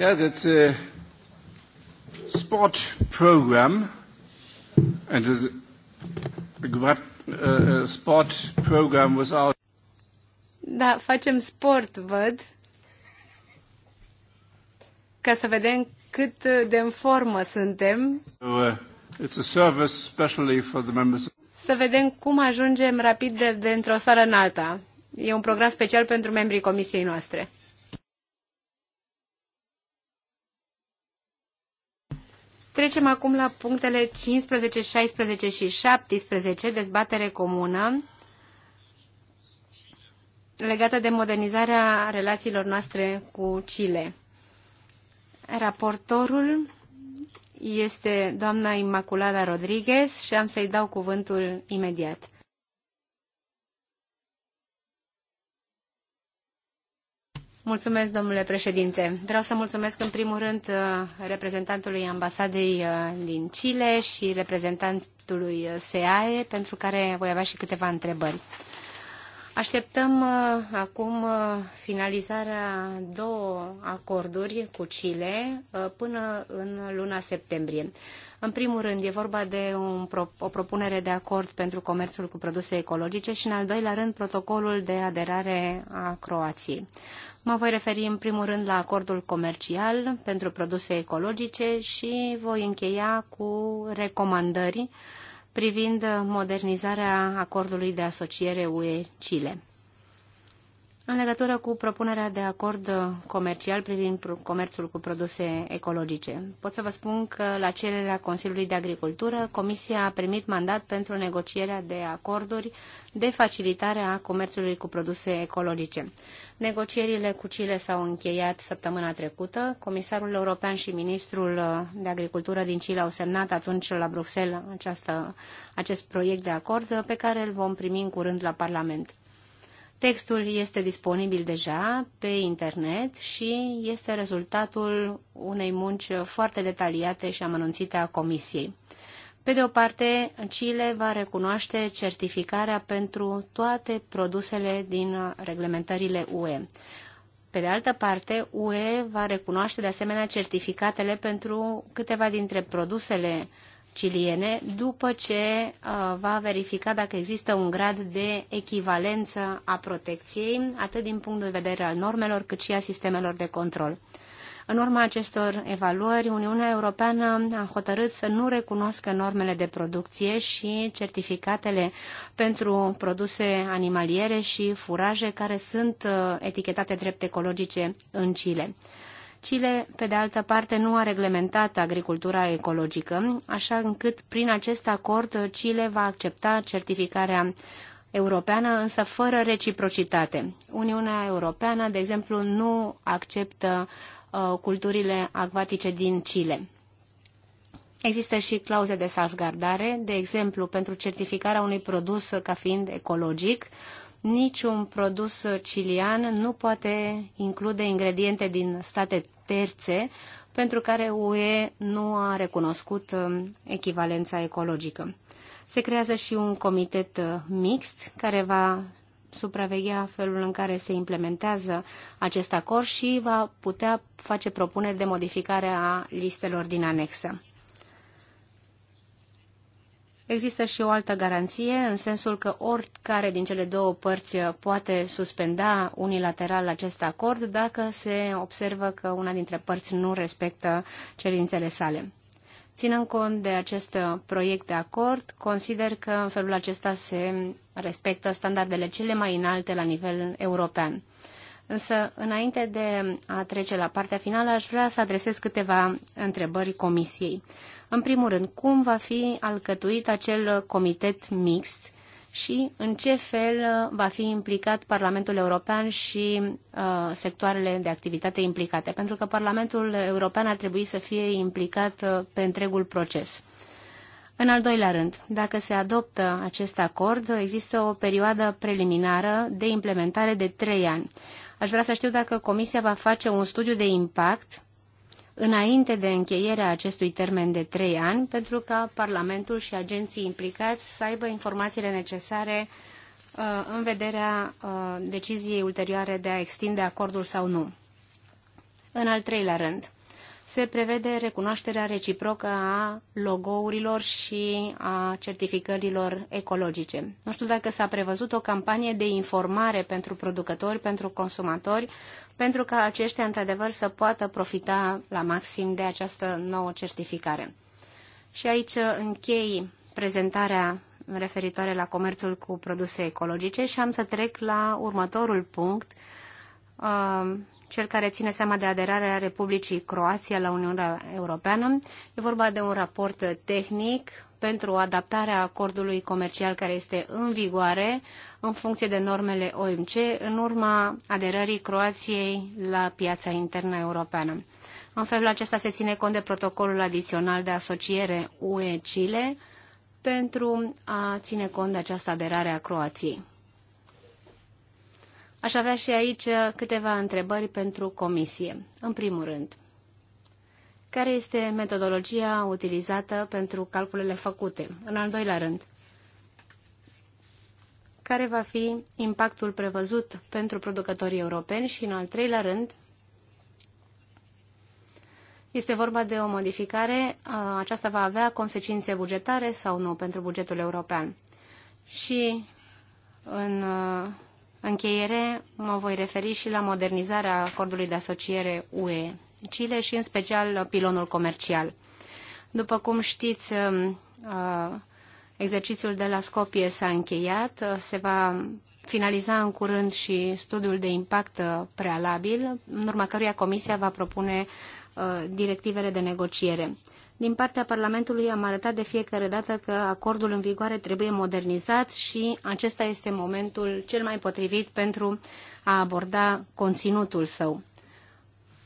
Yeah, that's a sport program and a, uh, a sport program without. Da, facem sport, văd, ca să vedem cât de în formă suntem. So, uh, it's a service specially for the members. Să vedem cum ajungem rapid de, de într-o țară în alta. E un program special pentru membrii comisiei noastre. Trecem acum la punctele 15, 16 și 17, dezbatere comună legată de modernizarea relațiilor noastre cu Chile. Raportorul este doamna Immaculada Rodriguez și am să-i dau cuvântul imediat. Mulțumesc, domnule președinte. Vreau să mulțumesc în primul rând uh, reprezentantului ambasadei uh, din Chile și reprezentantului uh, SEAE, pentru care voi avea și câteva întrebări. Așteptăm acum finalizarea două acorduri cu Chile până în luna septembrie. În primul rând, e vorba de un, o propunere de acord pentru comerțul cu produse ecologice și, în al doilea rând, protocolul de aderare a Croației. Mă voi referi în primul rând la acordul comercial pentru produse ecologice și voi încheia cu recomandări privind modernizarea acordului de asociere UE-Chile. În legătură cu propunerea de acord comercial privind comerțul cu produse ecologice, pot să vă spun că la cererea Consiliului de Agricultură, Comisia a primit mandat pentru negocierea de acorduri de facilitare a comerțului cu produse ecologice. Negocierile cu Chile s-au încheiat săptămâna trecută. Comisarul European și Ministrul uh, de Agricultură din Chile au semnat atunci la Bruxelles această, acest proiect de acord uh, pe care îl vom primi în curând la Parlament. Textul este disponibil deja pe internet și este rezultatul unei munci uh, foarte detaliate și amănunțite a Comisiei. Pe de o parte, Chile va recunoaște certificarea pentru toate produsele din reglementările UE. Pe de altă parte, UE va recunoaște de asemenea certificatele pentru câteva dintre produsele ciliene după ce uh, va verifica dacă există un grad de echivalență a protecției, atât din punct de vedere al normelor, cât și a sistemelor de control. În urma acestor evaluări, Uniunea Europeană a hotărât să nu recunoască normele de producție și certificatele pentru produse animaliere și furaje care sunt uh, etichetate drept ecologice în Chile. Chile, pe de altă parte, nu a reglementat agricultura ecologică, așa încât prin acest acord Chile va accepta certificarea europeană, însă fără reciprocitate. Uniunea Europeană, de exemplu, nu acceptă Uh, culturile acvatice din Chile. Există și clauze de salvgardare, de exemplu, pentru certificarea unui produs ca fiind ecologic, niciun produs cilian nu poate include ingrediente din state terțe pentru care UE nu a recunoscut um, echivalența ecologică. Se creează și un comitet uh, mixt care va supraveghea felul în care se implementează acest acord și va putea face propuneri de modificare a listelor din anexă. Există și o altă garanție, în sensul că oricare din cele două părți poate suspenda unilateral acest acord dacă se observă că una dintre părți nu respectă cerințele sale. Ținând cont de acest proiect de acord, consider că în felul acesta se respectă standardele cele mai înalte la nivel european. Însă, înainte de a trece la partea finală, aș vrea să adresez câteva întrebări comisiei. În primul rând, cum va fi alcătuit acel comitet mixt și în ce fel va fi implicat Parlamentul European și uh, sectoarele de activitate implicate? Pentru că Parlamentul European ar trebui să fie implicat uh, pe întregul proces. Uh, în al doilea rând, dacă se adoptă acest acord, există o perioadă preliminară de implementare de trei ani. Aș vrea să știu dacă Comisia va face un studiu de impact înainte de încheierea acestui termen de trei ani, pentru ca Parlamentul și agenții implicați să aibă informațiile necesare uh, în vederea uh, deciziei ulterioare de a extinde acordul sau nu. În al treilea rând, se prevede recunoașterea reciprocă a logourilor și a certificărilor ecologice. Nu știu dacă s-a prevăzut o campanie de informare pentru producători, pentru consumatori, pentru ca aceștia într-adevăr să poată profita la maxim de această nouă certificare. Și aici închei prezentarea referitoare la comerțul cu produse ecologice și am să trec la următorul punct, uh, cel care ține seama de aderarea Republicii Croația la Uniunea Europeană. E vorba de un raport tehnic pentru adaptarea acordului comercial care este în vigoare în funcție de normele OMC în urma aderării Croației la piața internă europeană. În felul acesta se ține cont de protocolul adițional de asociere UE-Chile pentru a ține cont de această aderare a Croației. Aș avea și aici uh, câteva întrebări pentru comisie. În primul rând, care este metodologia utilizată pentru calculele făcute? În al doilea rând, care va fi impactul prevăzut pentru producătorii europeni și, în al treilea rând, este vorba de o modificare, uh, aceasta va avea consecințe bugetare sau nu pentru bugetul european. Și în uh, încheiere, mă voi referi și la modernizarea acordului de asociere UE, Chile și în special pilonul comercial. După cum știți, um, exercițiul de la Scopie s-a încheiat, se va finaliza în curând și studiul de impact uh, prealabil, în urma căruia Comisia va propune uh, directivele de negociere din partea Parlamentului am arătat de fiecare dată că acordul în vigoare trebuie modernizat și acesta este momentul cel mai potrivit pentru a aborda conținutul său.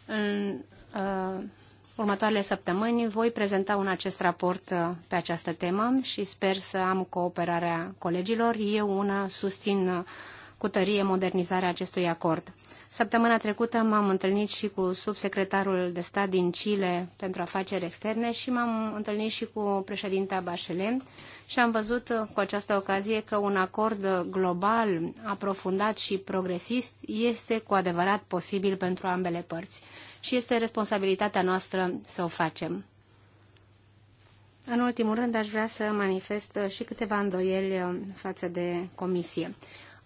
În uh, următoarele săptămâni voi prezenta un acest raport uh, pe această temă și sper să am cooperarea colegilor. Eu una susțin uh, cu tărie modernizarea acestui acord. Săptămâna trecută m-am întâlnit și cu subsecretarul de stat din Chile pentru afaceri externe și m-am întâlnit și cu președinta Bachelet și am văzut cu această ocazie că un acord global, aprofundat și progresist este cu adevărat posibil pentru ambele părți și este responsabilitatea noastră să o facem. În ultimul rând, aș vrea să manifest și câteva îndoieli față de comisie.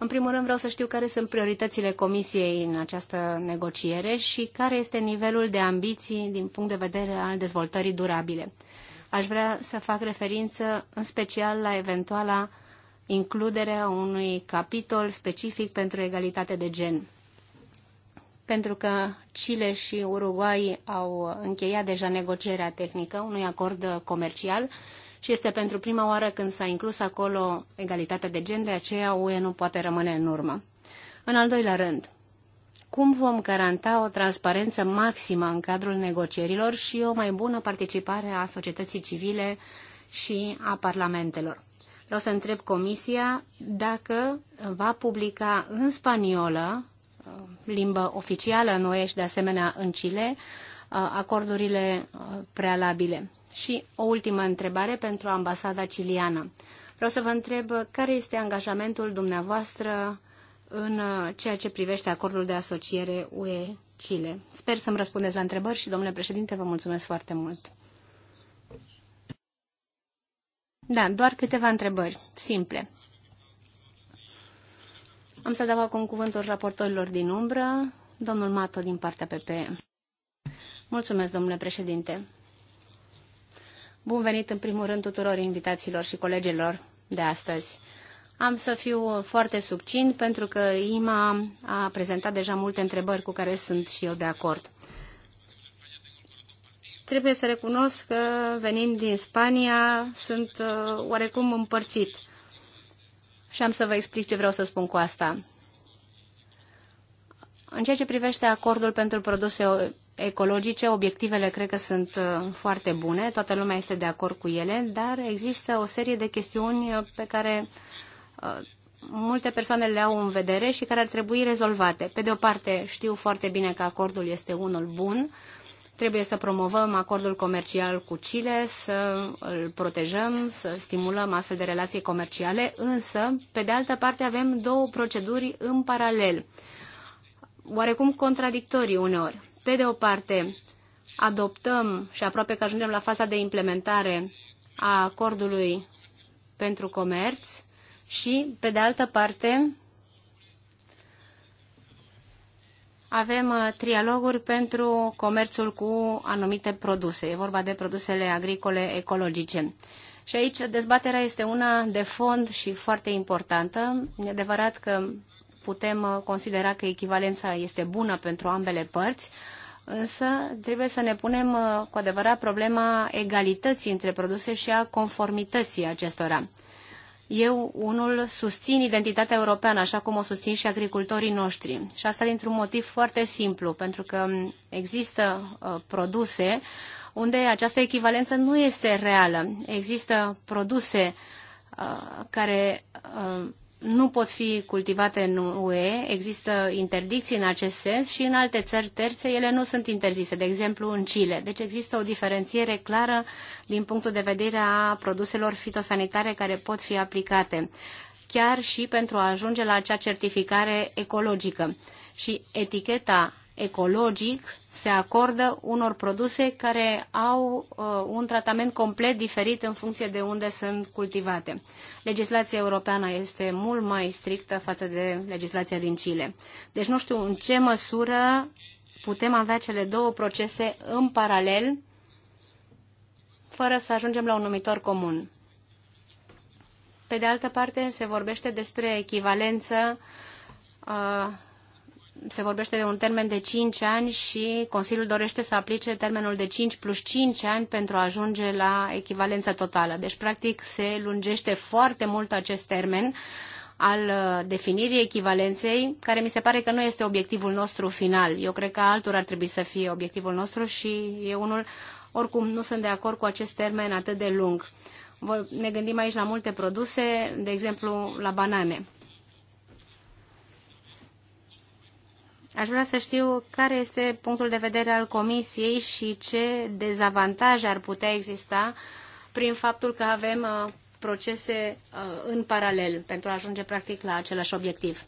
În primul rând vreau să știu care sunt prioritățile Comisiei în această negociere și care este nivelul de ambiții din punct de vedere al dezvoltării durabile. Aș vrea să fac referință în special la eventuala includerea unui capitol specific pentru egalitate de gen. Pentru că Chile și Uruguay au încheiat deja negocierea tehnică unui acord comercial și este pentru prima oară când s-a inclus acolo egalitatea de gen, de aceea UE nu poate rămâne în urmă. În al doilea rând, cum vom garanta o transparență maximă în cadrul negocierilor și o mai bună participare a societății civile și a parlamentelor. Vreau să întreb Comisia dacă va publica în spaniolă, uh, limbă oficială în UE și de asemenea în Chile, uh, acordurile uh, prealabile. Și o ultimă întrebare pentru ambasada ciliană. Vreau să vă întreb care este angajamentul dumneavoastră în uh, ceea ce privește acordul de asociere UE-Chile. Sper să-mi răspundeți la întrebări și, domnule președinte, vă mulțumesc foarte mult. Da, doar câteva întrebări simple. Am să dau acum cuvântul raportorilor din umbră, domnul Mato din partea PPE. Mulțumesc, domnule președinte. Bun venit în primul rând tuturor invitațiilor și colegilor de astăzi. Am să fiu foarte subțin pentru că IMA a prezentat deja multe întrebări cu care sunt și eu de acord. Trebuie să recunosc că venind din Spania sunt uh, oarecum împărțit. Și am să vă explic ce vreau să spun cu asta. În ceea ce privește acordul pentru produse ecologice, obiectivele cred că sunt uh, foarte bune, toată lumea este de acord cu ele, dar există o serie de chestiuni uh, pe care uh, multe persoane le au în vedere și care ar trebui rezolvate. Pe de o parte, știu foarte bine că acordul este unul bun, trebuie să promovăm acordul comercial cu Chile, să îl protejăm, să stimulăm astfel de relații comerciale, însă, pe de altă parte, avem două proceduri în paralel, oarecum contradictorii uneori pe de o parte, adoptăm și aproape că ajungem la faza de implementare a acordului pentru comerț și, pe de altă parte, avem uh, trialoguri pentru comerțul cu anumite produse. E vorba de produsele agricole ecologice. Și aici dezbaterea este una de fond și foarte importantă. E adevărat că putem uh, considera că echivalența este bună pentru ambele părți, Însă trebuie să ne punem uh, cu adevărat problema egalității între produse și a conformității acestora. Eu, unul, susțin identitatea europeană, așa cum o susțin și agricultorii noștri. Și asta dintr-un motiv foarte simplu, pentru că există uh, produse unde această echivalență nu este reală. Există produse uh, care uh, nu pot fi cultivate în UE, există interdicții în acest sens și în alte țări terțe ele nu sunt interzise, de exemplu în Chile. Deci există o diferențiere clară din punctul de vedere a produselor fitosanitare care pot fi aplicate, chiar și pentru a ajunge la acea certificare ecologică. Și eticheta ecologic se acordă unor produse care au uh, un tratament complet diferit în funcție de unde sunt cultivate. Legislația europeană este mult mai strictă față de legislația din Chile. Deci nu știu în ce măsură putem avea cele două procese în paralel fără să ajungem la un numitor comun. Pe de altă parte, se vorbește despre echivalență uh, se vorbește de un termen de 5 ani și Consiliul dorește să aplice termenul de 5 plus 5 ani pentru a ajunge la echivalența totală. Deci, practic, se lungește foarte mult acest termen al uh, definirii echivalenței, care mi se pare că nu este obiectivul nostru final. Eu cred că altul ar trebui să fie obiectivul nostru și e unul, oricum, nu sunt de acord cu acest termen atât de lung. Ne gândim aici la multe produse, de exemplu, la banane Aș vrea să știu care este punctul de vedere al Comisiei și ce dezavantaje ar putea exista prin faptul că avem uh, procese uh, în paralel pentru a ajunge practic la același obiectiv.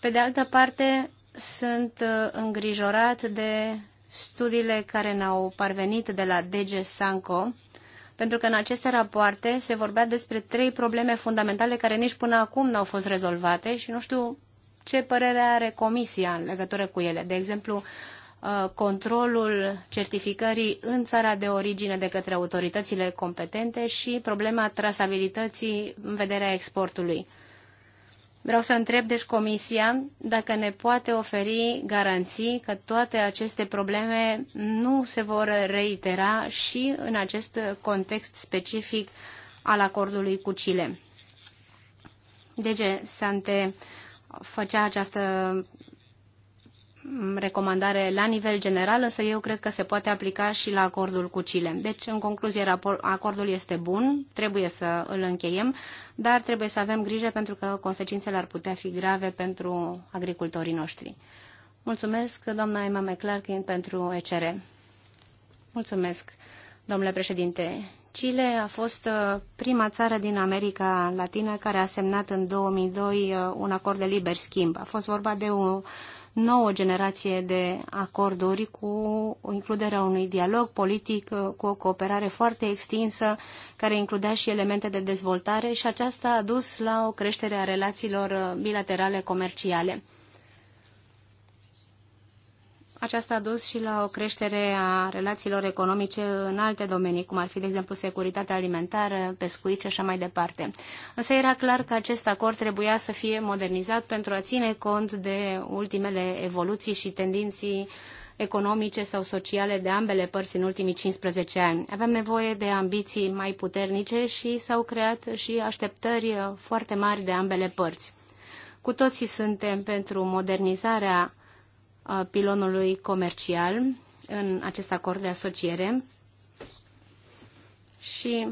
Pe de altă parte, sunt uh, îngrijorat de studiile care ne-au parvenit de la DG Sanco, pentru că în aceste rapoarte se vorbea despre trei probleme fundamentale care nici până acum n-au fost rezolvate și nu știu ce părere are Comisia în legătură cu ele. De exemplu, uh, controlul certificării în țara de origine de către autoritățile competente și problema trasabilității în vederea exportului. Vreau să întreb, deci, Comisia dacă ne poate oferi garanții că toate aceste probleme nu se vor reitera și în acest context specific al acordului cu Chile. DG deci, Sante făcea această recomandare la nivel general, însă eu cred că se poate aplica și la acordul cu Chile. Deci, în concluzie, acordul este bun, trebuie să îl încheiem, dar trebuie să avem grijă pentru că consecințele ar putea fi grave pentru agricultorii noștri. Mulțumesc, doamna Emma McClarkin, pentru ECR. Mulțumesc, domnule președinte. Chile a fost uh, prima țară din America Latină care a semnat în 2002 uh, un acord de liber schimb. A fost vorba de o nouă generație de acorduri cu includerea unui dialog politic, uh, cu o cooperare foarte extinsă, care includea și elemente de dezvoltare și aceasta a dus la o creștere a relațiilor bilaterale comerciale. Aceasta a dus și la o creștere a relațiilor economice în alte domenii, cum ar fi, de exemplu, securitatea alimentară, pescuit și așa mai departe. Însă era clar că acest acord trebuia să fie modernizat pentru a ține cont de ultimele evoluții și tendinții economice sau sociale de ambele părți în ultimii 15 ani. Avem nevoie de ambiții mai puternice și s-au creat și așteptări foarte mari de ambele părți. Cu toții suntem pentru modernizarea pilonului comercial în acest acord de asociere și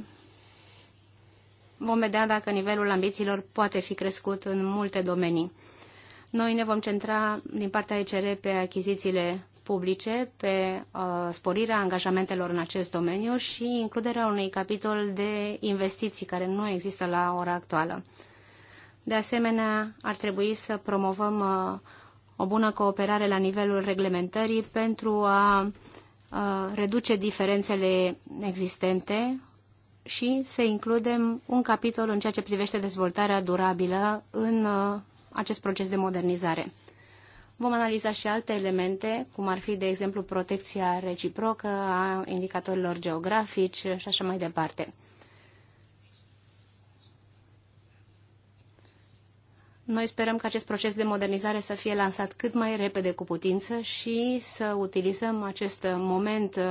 vom vedea dacă nivelul ambițiilor poate fi crescut în multe domenii. Noi ne vom centra din partea ECR pe achizițiile publice, pe uh, sporirea angajamentelor în acest domeniu și includerea unui capitol de investiții care nu există la ora actuală. De asemenea, ar trebui să promovăm uh, o bună cooperare la nivelul reglementării pentru a reduce diferențele existente și să includem un capitol în ceea ce privește dezvoltarea durabilă în acest proces de modernizare. Vom analiza și alte elemente, cum ar fi, de exemplu, protecția reciprocă a indicatorilor geografici și așa mai departe. Noi sperăm că acest proces de modernizare să fie lansat cât mai repede cu putință și să utilizăm acest moment uh,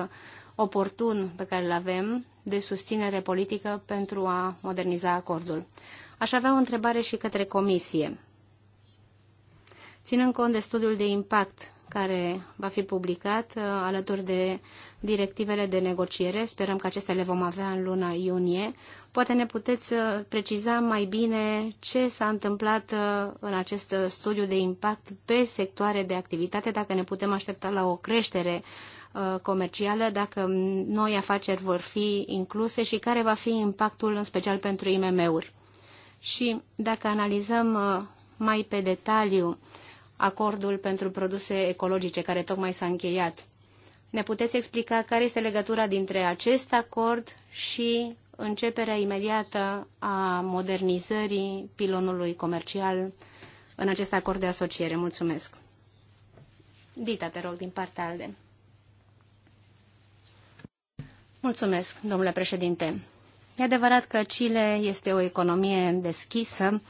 oportun pe care îl avem de susținere politică pentru a moderniza acordul. Aș avea o întrebare și către Comisie. Ținând cont de studiul de impact care va fi publicat uh, alături de directivele de negociere, sperăm că acestea le vom avea în luna iunie, Poate ne puteți uh, preciza mai bine ce s-a întâmplat uh, în acest uh, studiu de impact pe sectoare de activitate, dacă ne putem aștepta la o creștere comercială, dacă noi afaceri vor fi incluse și care va fi impactul în special pentru IMM-uri. Și dacă analizăm mai pe detaliu acordul pentru produse ecologice care tocmai s-a încheiat, ne puteți explica care este legătura dintre acest acord și începerea imediată a modernizării pilonului comercial în acest acord de asociere. Mulțumesc. Dita, te rog, din partea ALDE. Mulțumesc, domnule președinte. E adevărat că Chile este o economie deschisă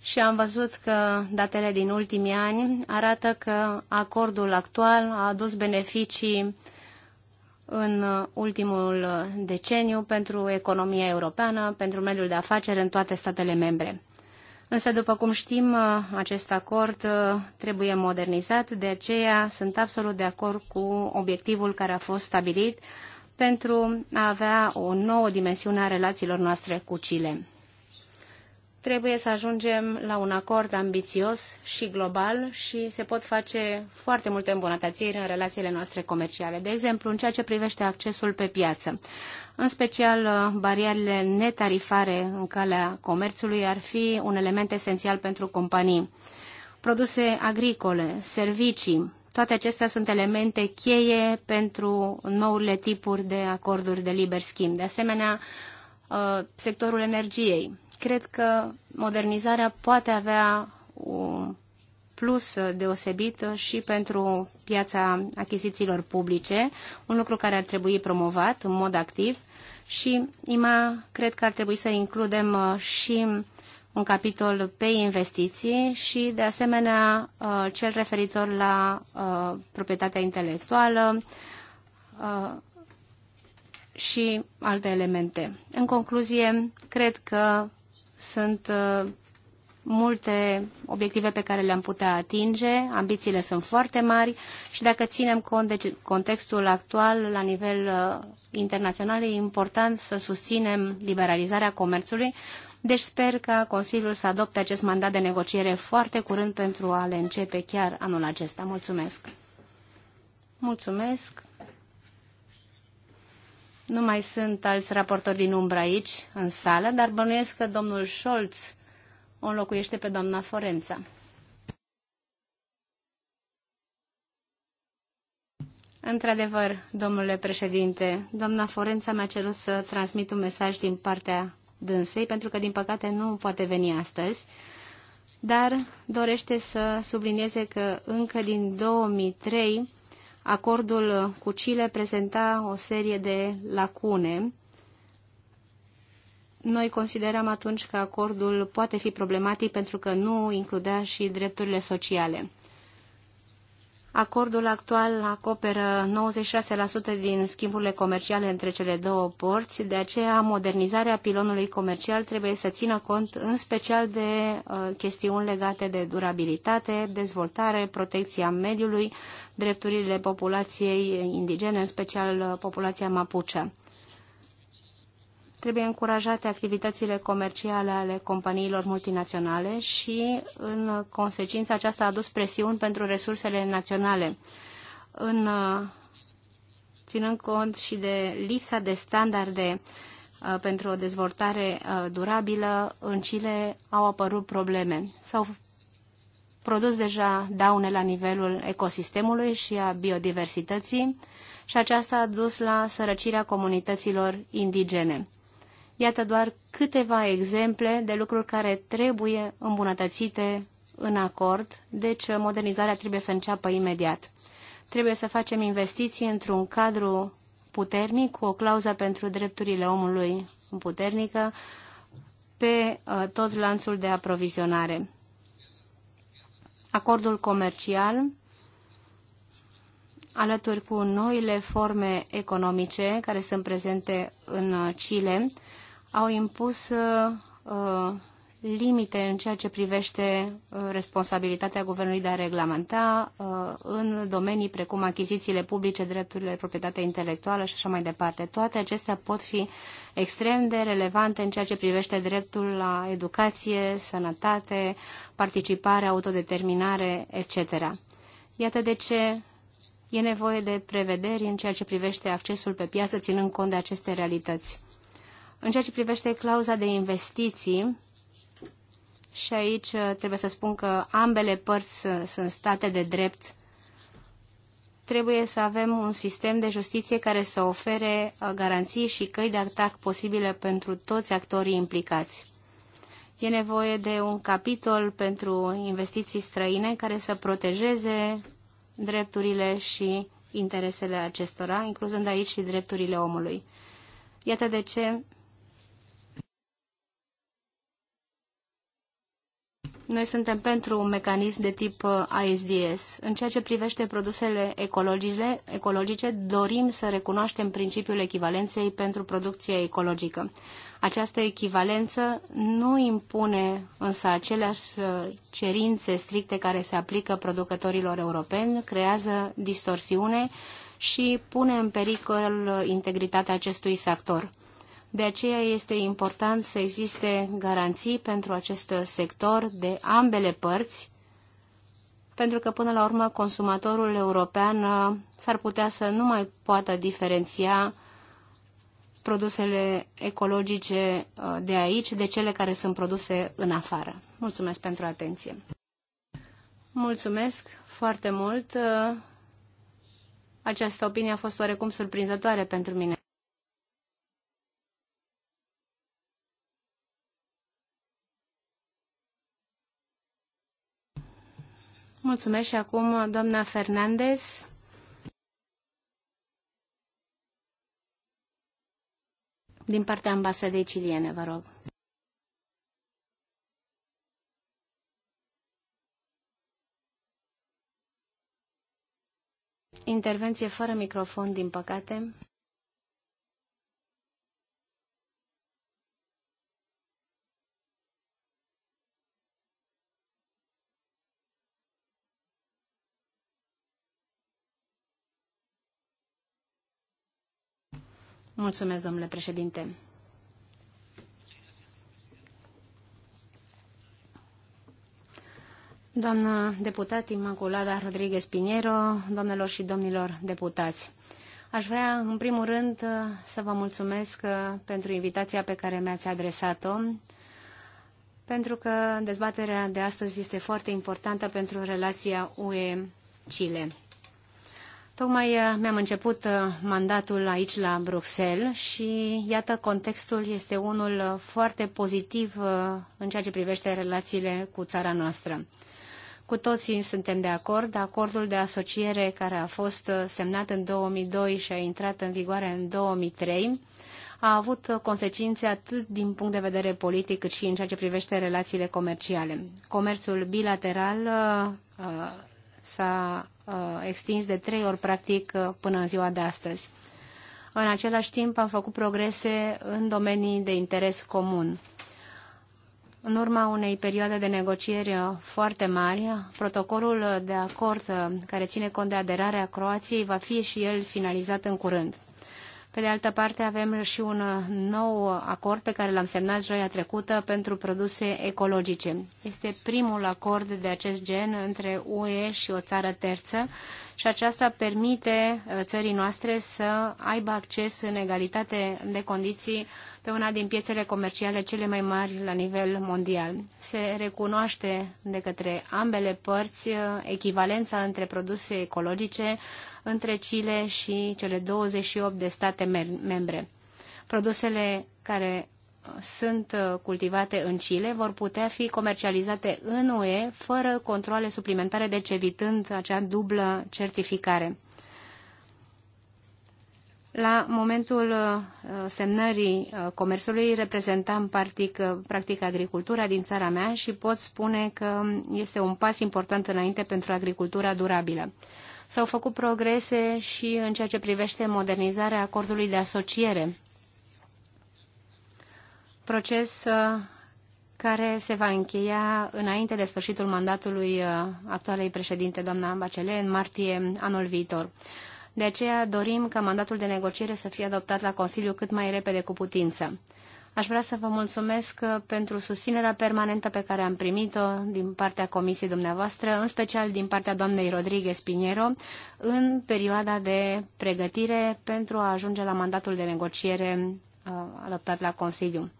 și am văzut că datele din ultimii ani arată că acordul actual a adus beneficii uh, în ultimul deceniu pentru economia europeană, pentru mediul de afaceri în toate statele membre. Însă, după cum știm, acest acord trebuie modernizat, de aceea sunt absolut de acord cu obiectivul care a fost stabilit pentru a avea o nouă dimensiune a relațiilor noastre cu Chile trebuie să ajungem la un acord ambițios și global și se pot face foarte multe îmbunătățiri în relațiile noastre comerciale, de exemplu în ceea ce privește accesul pe piață. În special, uh, barierele netarifare în calea comerțului ar fi un element esențial pentru companii. Produse agricole, servicii, toate acestea sunt elemente cheie pentru noile tipuri de acorduri de liber schimb. De asemenea, Uh, sectorul energiei. Cred că modernizarea poate avea un plus deosebit și pentru piața achizițiilor publice, un lucru care ar trebui promovat în mod activ și IMA cred că ar trebui să includem uh, și un capitol pe investiții și, de asemenea, uh, cel referitor la proprietatea intelectuală, și alte elemente. În concluzie, cred că sunt uh, multe obiective pe care le-am putea atinge, ambițiile sunt foarte mari și dacă ținem cont de contextul actual la nivel uh, internațional, e important să susținem liberalizarea comerțului, deci sper că Consiliul să adopte acest mandat de negociere foarte curând pentru a le începe chiar anul acesta. Mulțumesc! Mulțumesc! Nu mai sunt alți raportori din umbră aici, în sală, dar bănuiesc că domnul Scholz o înlocuiește pe doamna Forența. Într-adevăr, domnule președinte, doamna Forența mi-a cerut să transmit un mesaj din partea dânsei, pentru că, din păcate, nu poate veni astăzi, dar dorește să sublinieze că încă din 2003 acordul cu Chile prezenta o serie de lacune. Noi considerăm atunci că acordul poate fi problematic pentru că nu includea și drepturile sociale. Acordul actual acoperă 96% din schimburile comerciale între cele două porți, de aceea modernizarea pilonului comercial trebuie să țină cont în special de uh, chestiuni legate de durabilitate, dezvoltare, protecția mediului, drepturile populației indigene, în special uh, populația mapuche trebuie încurajate activitățile comerciale ale companiilor multinaționale și, în consecință, aceasta a adus presiuni pentru resursele naționale. În, ținând cont și de lipsa de standarde uh, pentru o dezvoltare uh, durabilă, în Chile au apărut probleme. S-au produs deja daune la nivelul ecosistemului și a biodiversității și aceasta a dus la sărăcirea comunităților indigene. Iată doar câteva exemple de lucruri care trebuie îmbunătățite în acord, deci modernizarea trebuie să înceapă imediat. Trebuie să facem investiții într-un cadru puternic, cu o clauză pentru drepturile omului puternică, pe ă, tot lanțul de aprovizionare. Acordul comercial, alături cu noile forme economice care sunt prezente în Chile, au impus uh, uh, limite în ceea ce privește uh, responsabilitatea guvernului de a reglementa uh, în domenii precum achizițiile publice, drepturile proprietatea intelectuală și așa mai departe. Toate acestea pot fi extrem de relevante în ceea ce privește dreptul la educație, sănătate, participare, autodeterminare, etc. Iată de ce e nevoie de prevederi în ceea ce privește accesul pe piață, ținând cont de aceste realități. În ceea ce privește clauza de investiții, și aici uh, trebuie să spun că ambele părți uh, sunt state de drept, trebuie să avem un sistem de justiție care să ofere uh, garanții și căi de atac posibile pentru toți actorii implicați. E nevoie de un capitol pentru investiții străine care să protejeze drepturile și interesele acestora, incluzând aici și drepturile omului. Iată de ce Noi suntem pentru un mecanism de tip uh, ISDS. În ceea ce privește produsele ecologice, ecologice, dorim să recunoaștem principiul echivalenței pentru producția ecologică. Această echivalență nu impune însă aceleași uh, cerințe stricte care se aplică producătorilor europeni, creează distorsiune și pune în pericol integritatea acestui sector. De aceea este important să existe garanții pentru acest sector de ambele părți, pentru că până la urmă consumatorul european uh, s-ar putea să nu mai poată diferenția produsele ecologice uh, de aici de cele care sunt produse în afară. Mulțumesc pentru atenție. Mulțumesc foarte mult. Uh, această opinie a fost oarecum surprinzătoare pentru mine. Mulțumesc și acum doamna Fernandez. Din partea ambasadei ciliene, vă rog. Intervenție fără microfon, din păcate. Mulțumesc, domnule președinte. Doamna deputat Imaculada Rodriguez Piniero, doamnelor și domnilor deputați, aș vrea în primul rând să vă mulțumesc pentru invitația pe care mi-ați adresat-o, pentru că dezbaterea de astăzi este foarte importantă pentru relația UE-Chile. Tocmai eh, mi-am început eh, mandatul aici la Bruxelles și, iată, contextul este unul eh, foarte pozitiv în ceea ce privește relațiile cu țara noastră. Cu toții suntem de acord, acordul de asociere care a fost semnat în 2002 și a intrat în vigoare în 2003 a avut consecințe atât din punct de vedere politic cât și în ceea ce privește relațiile comerciale. Comerțul bilateral s-a Uh, extins de trei ori practic uh, până în ziua de astăzi. În același timp am făcut progrese în domenii de interes comun. În urma unei perioade de negocieri uh, foarte mari, protocolul de acord care ține cont de aderarea Croației va fi și el finalizat în curând. Pe de altă parte, avem și un nou acord pe care l-am semnat joia trecută pentru produse ecologice. Este primul acord de acest gen între UE și o țară terță și aceasta permite uh, țării noastre să aibă acces în egalitate de condiții pe una din piețele comerciale cele mai mari la nivel mondial. Se recunoaște de către ambele părți uh, echivalența între produse ecologice, între Chile și cele 28 de state membre. Produsele care uh, sunt uh, cultivate în Chile vor putea fi comercializate în UE fără controle suplimentare, deci evitând acea dublă certificare. La momentul uh, semnării comerțului reprezentam practic, practic agricultura din țara mea și pot spune că este un pas important înainte pentru agricultura durabilă. S-au făcut progrese și în ceea ce privește modernizarea acordului de asociere. Proces uh, care se va încheia înainte de sfârșitul mandatului uh, actualei președinte, doamna Bacele, în martie anul viitor. De aceea dorim ca mandatul de negociere să fie adoptat la Consiliu cât mai repede cu putință. Aș vrea să vă mulțumesc uh, pentru susținerea permanentă pe care am primit-o din partea comisiei dumneavoastră, în special din partea doamnei Rodriguez Piniero, în perioada de pregătire pentru a ajunge la mandatul de negociere uh, adoptat la Consiliu.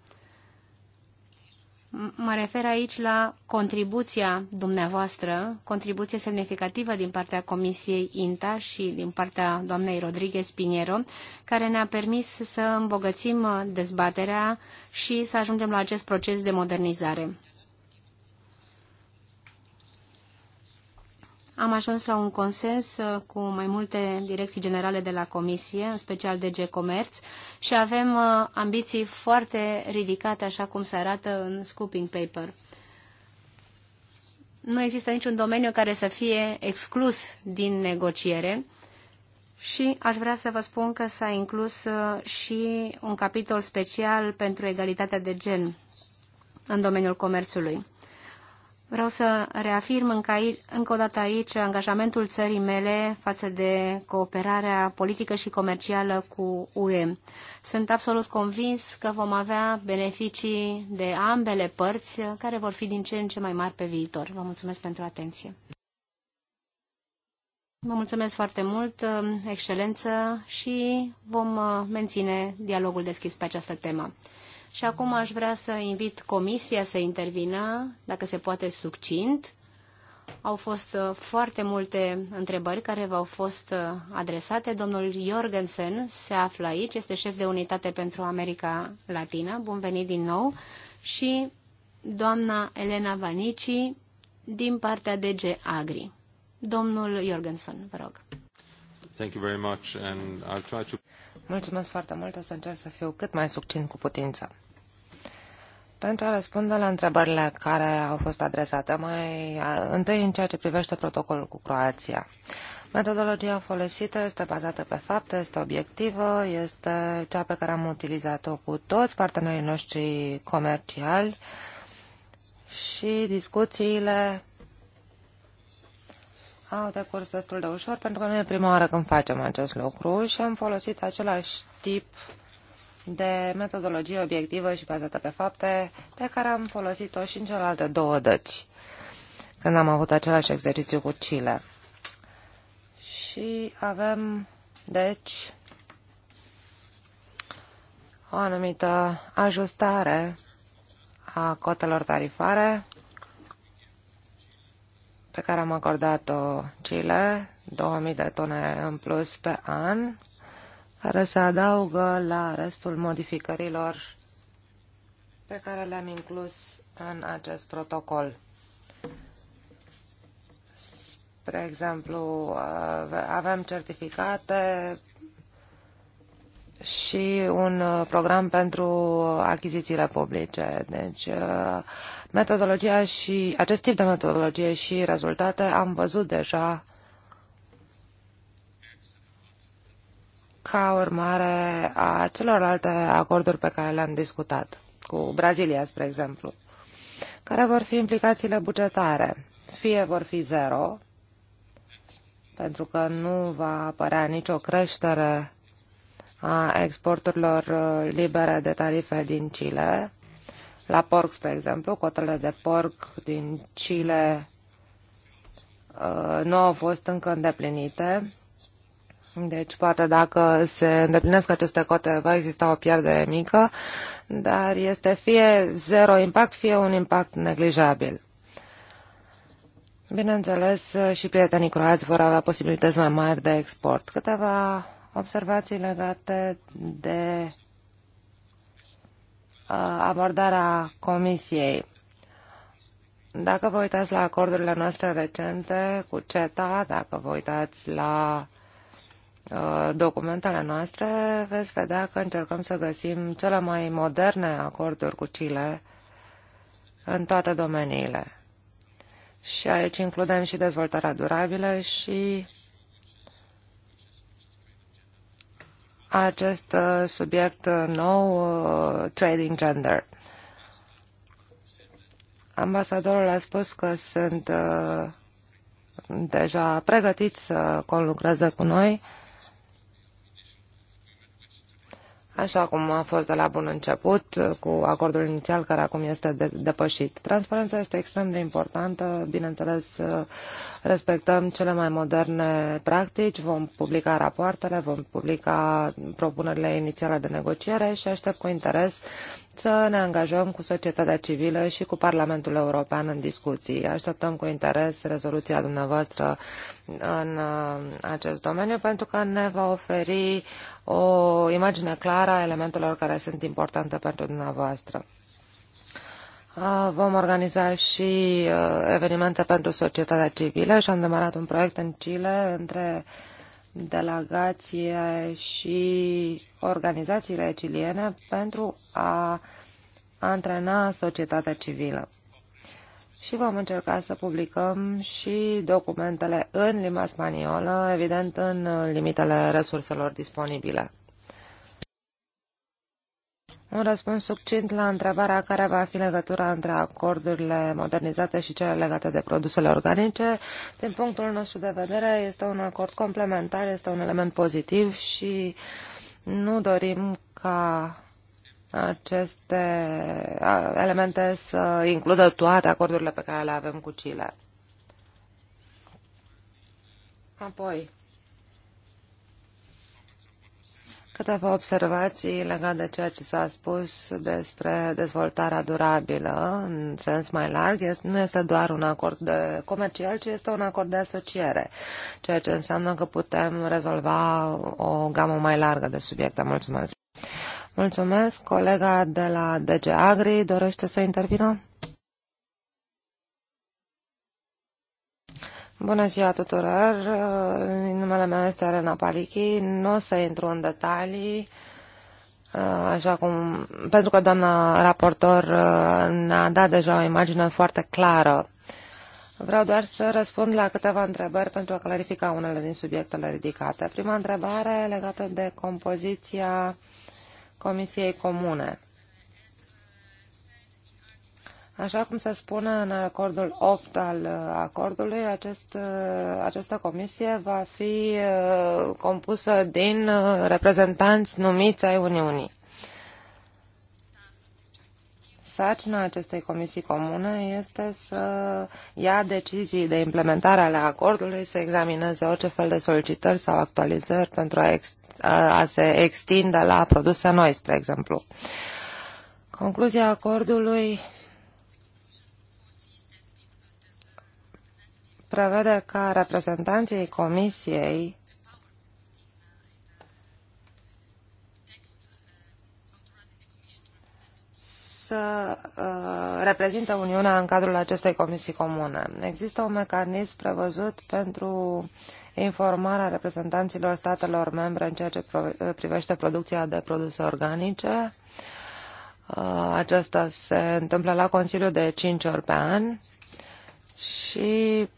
Mă refer aici la contribuția dumneavoastră, contribuție semnificativă din partea Comisiei INTA și din partea doamnei Rodriguez Piniero, care ne-a permis să îmbogățim dezbaterea și să ajungem la acest proces de modernizare. Am ajuns la un consens uh, cu mai multe direcții generale de la Comisie, în special DG Comerț, și avem uh, ambiții foarte ridicate, așa cum se arată în Scooping Paper. Nu există niciun domeniu care să fie exclus din negociere și aș vrea să vă spun că s-a inclus uh, și un capitol special pentru egalitatea de gen în domeniul comerțului. Vreau să reafirm încă o dată aici angajamentul țării mele față de cooperarea politică și comercială cu UE. Sunt absolut convins că vom avea beneficii de ambele părți care vor fi din ce în ce mai mari pe viitor. Vă mulțumesc pentru atenție. Vă mulțumesc foarte mult, excelență, și vom menține dialogul deschis pe această temă. Și acum aș vrea să invit comisia să intervină, dacă se poate, succint. Au fost uh, foarte multe întrebări care v-au fost uh, adresate. Domnul Jorgensen se află aici, este șef de unitate pentru America Latina. Bun venit din nou. Și doamna Elena Vanici din partea DG Agri. Domnul Jorgensen, vă rog. Thank you very much and I'll try to... Mulțumesc foarte mult, o să încerc să fiu cât mai succint cu putință. Pentru a răspunde la întrebările care au fost adresate, mai întâi în ceea ce privește protocolul cu Croația. Metodologia folosită este bazată pe fapte, este obiectivă, este cea pe care am utilizat-o cu toți partenerii noștri comerciali și discuțiile au decurs destul de ușor, pentru că nu e prima oară când facem acest lucru și am folosit același tip de metodologie obiectivă și bazată pe fapte pe care am folosit-o și în celelalte două dăți, când am avut același exercițiu cu Chile. Și avem, deci, o anumită ajustare a cotelor tarifare pe care am acordat-o Chile, 2000 de tone în plus pe an, care se adaugă la restul modificărilor pe care le-am inclus în acest protocol. Spre exemplu, avem certificate și un uh, program pentru achizițiile publice. Deci, uh, metodologia și acest tip de metodologie și rezultate am văzut deja ca urmare a celorlalte acorduri pe care le-am discutat, cu Brazilia, spre exemplu, care vor fi implicațiile bugetare. Fie vor fi zero, pentru că nu va apărea nicio creștere a exporturilor uh, libere de tarife din Chile, la porc, spre exemplu, cotele de porc din Chile uh, nu au fost încă îndeplinite. Deci, poate dacă se îndeplinesc aceste cote, va exista o pierdere mică, dar este fie zero impact, fie un impact neglijabil. Bineînțeles, și prietenii croați vor avea posibilități mai mari de export. Câteva observații legate de uh, abordarea Comisiei. Dacă vă uitați la acordurile noastre recente cu CETA, dacă vă uitați la uh, documentele noastre, veți vedea că încercăm să găsim cele mai moderne acorduri cu Chile în toate domeniile. Și aici includem și dezvoltarea durabilă și acest uh, subiect uh, nou, uh, trading gender. Ambasadorul a spus că sunt deja pregătiți să conlucreze cu noi așa cum a fost de la bun început, cu acordul inițial care acum este de depășit. Transparența este extrem de importantă, bineînțeles respectăm cele mai moderne practici, vom publica rapoartele, vom publica propunerile inițiale de negociere și aștept cu interes să ne angajăm cu societatea civilă și cu Parlamentul European în discuții. Așteptăm cu interes rezoluția dumneavoastră în uh, acest domeniu pentru că ne va oferi o imagine clară a elementelor care sunt importante pentru dumneavoastră. Vom organiza și uh, evenimente pentru societatea civilă și am demarat un proiect în Chile între delegație și organizațiile ciliene pentru a antrena societatea civilă și vom încerca să publicăm și documentele în limba spaniolă, evident în limitele resurselor disponibile. Un răspuns succint la întrebarea care va fi legătura între acordurile modernizate și cele legate de produsele organice. Din punctul nostru de vedere, este un acord complementar, este un element pozitiv și nu dorim ca aceste elemente să includă toate acordurile pe care le avem cu Chile. Apoi, câteva observații legate de ceea ce s-a spus despre dezvoltarea durabilă în sens mai larg. Nu este doar un acord de comercial, ci este un acord de asociere, ceea ce înseamnă că putem rezolva o gamă mai largă de subiecte. Mulțumesc! Mulțumesc. Colega de la DG Agri dorește să intervină? Bună ziua tuturor! Numele meu este Arena Palichi. Nu o să intru în detalii, așa cum, pentru că doamna raportor uh, ne-a dat deja o imagine foarte clară. Vreau doar să răspund la câteva întrebări pentru a clarifica unele din subiectele ridicate. Prima întrebare legată de compoziția uh, Comisiei Comune. Așa cum se spune în acordul 8 al uh, acordului, acest, uh, această comisie va fi uh, compusă din reprezentanți numiți ai Uniunii. Sarcina acestei comisii comune este să ia decizii de implementare ale acordului, să examineze orice fel de solicitări sau actualizări pentru a, ex a se extinde la produse noi, spre exemplu. Concluzia acordului prevede ca reprezentanții Comisiei să uh, reprezinte Uniunea în cadrul acestei comisii comune. Există un mecanism prevăzut pentru informarea reprezentanților statelor membre în ceea ce eh, privește producția de produse organice. Eh, Aceasta se întâmplă la Consiliu de 5 ori pe an și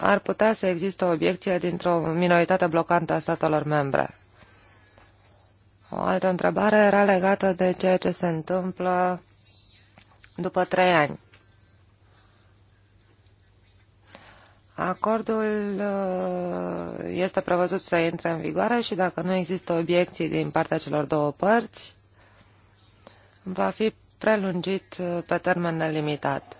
ar putea să existe o obiecție dintr-o minoritate blocantă a statelor membre. O altă întrebare era legată de ceea ce se întâmplă după trei ani. Acordul uh, este prevăzut să intre în vigoare și dacă nu există obiecții din partea celor două părți, va fi prelungit uh, pe termen nelimitat,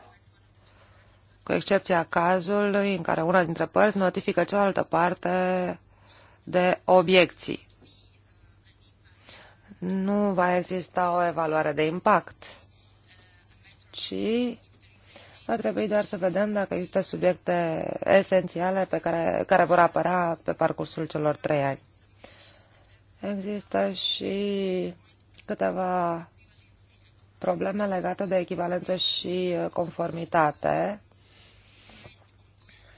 cu excepția cazului în care una dintre părți notifică cealaltă parte de obiecții. Nu va exista o evaluare de impact, ci Va trebui doar să vedem dacă există subiecte esențiale pe care, care vor apărea pe parcursul celor trei ani. Există și câteva probleme legate de echivalență și uh, conformitate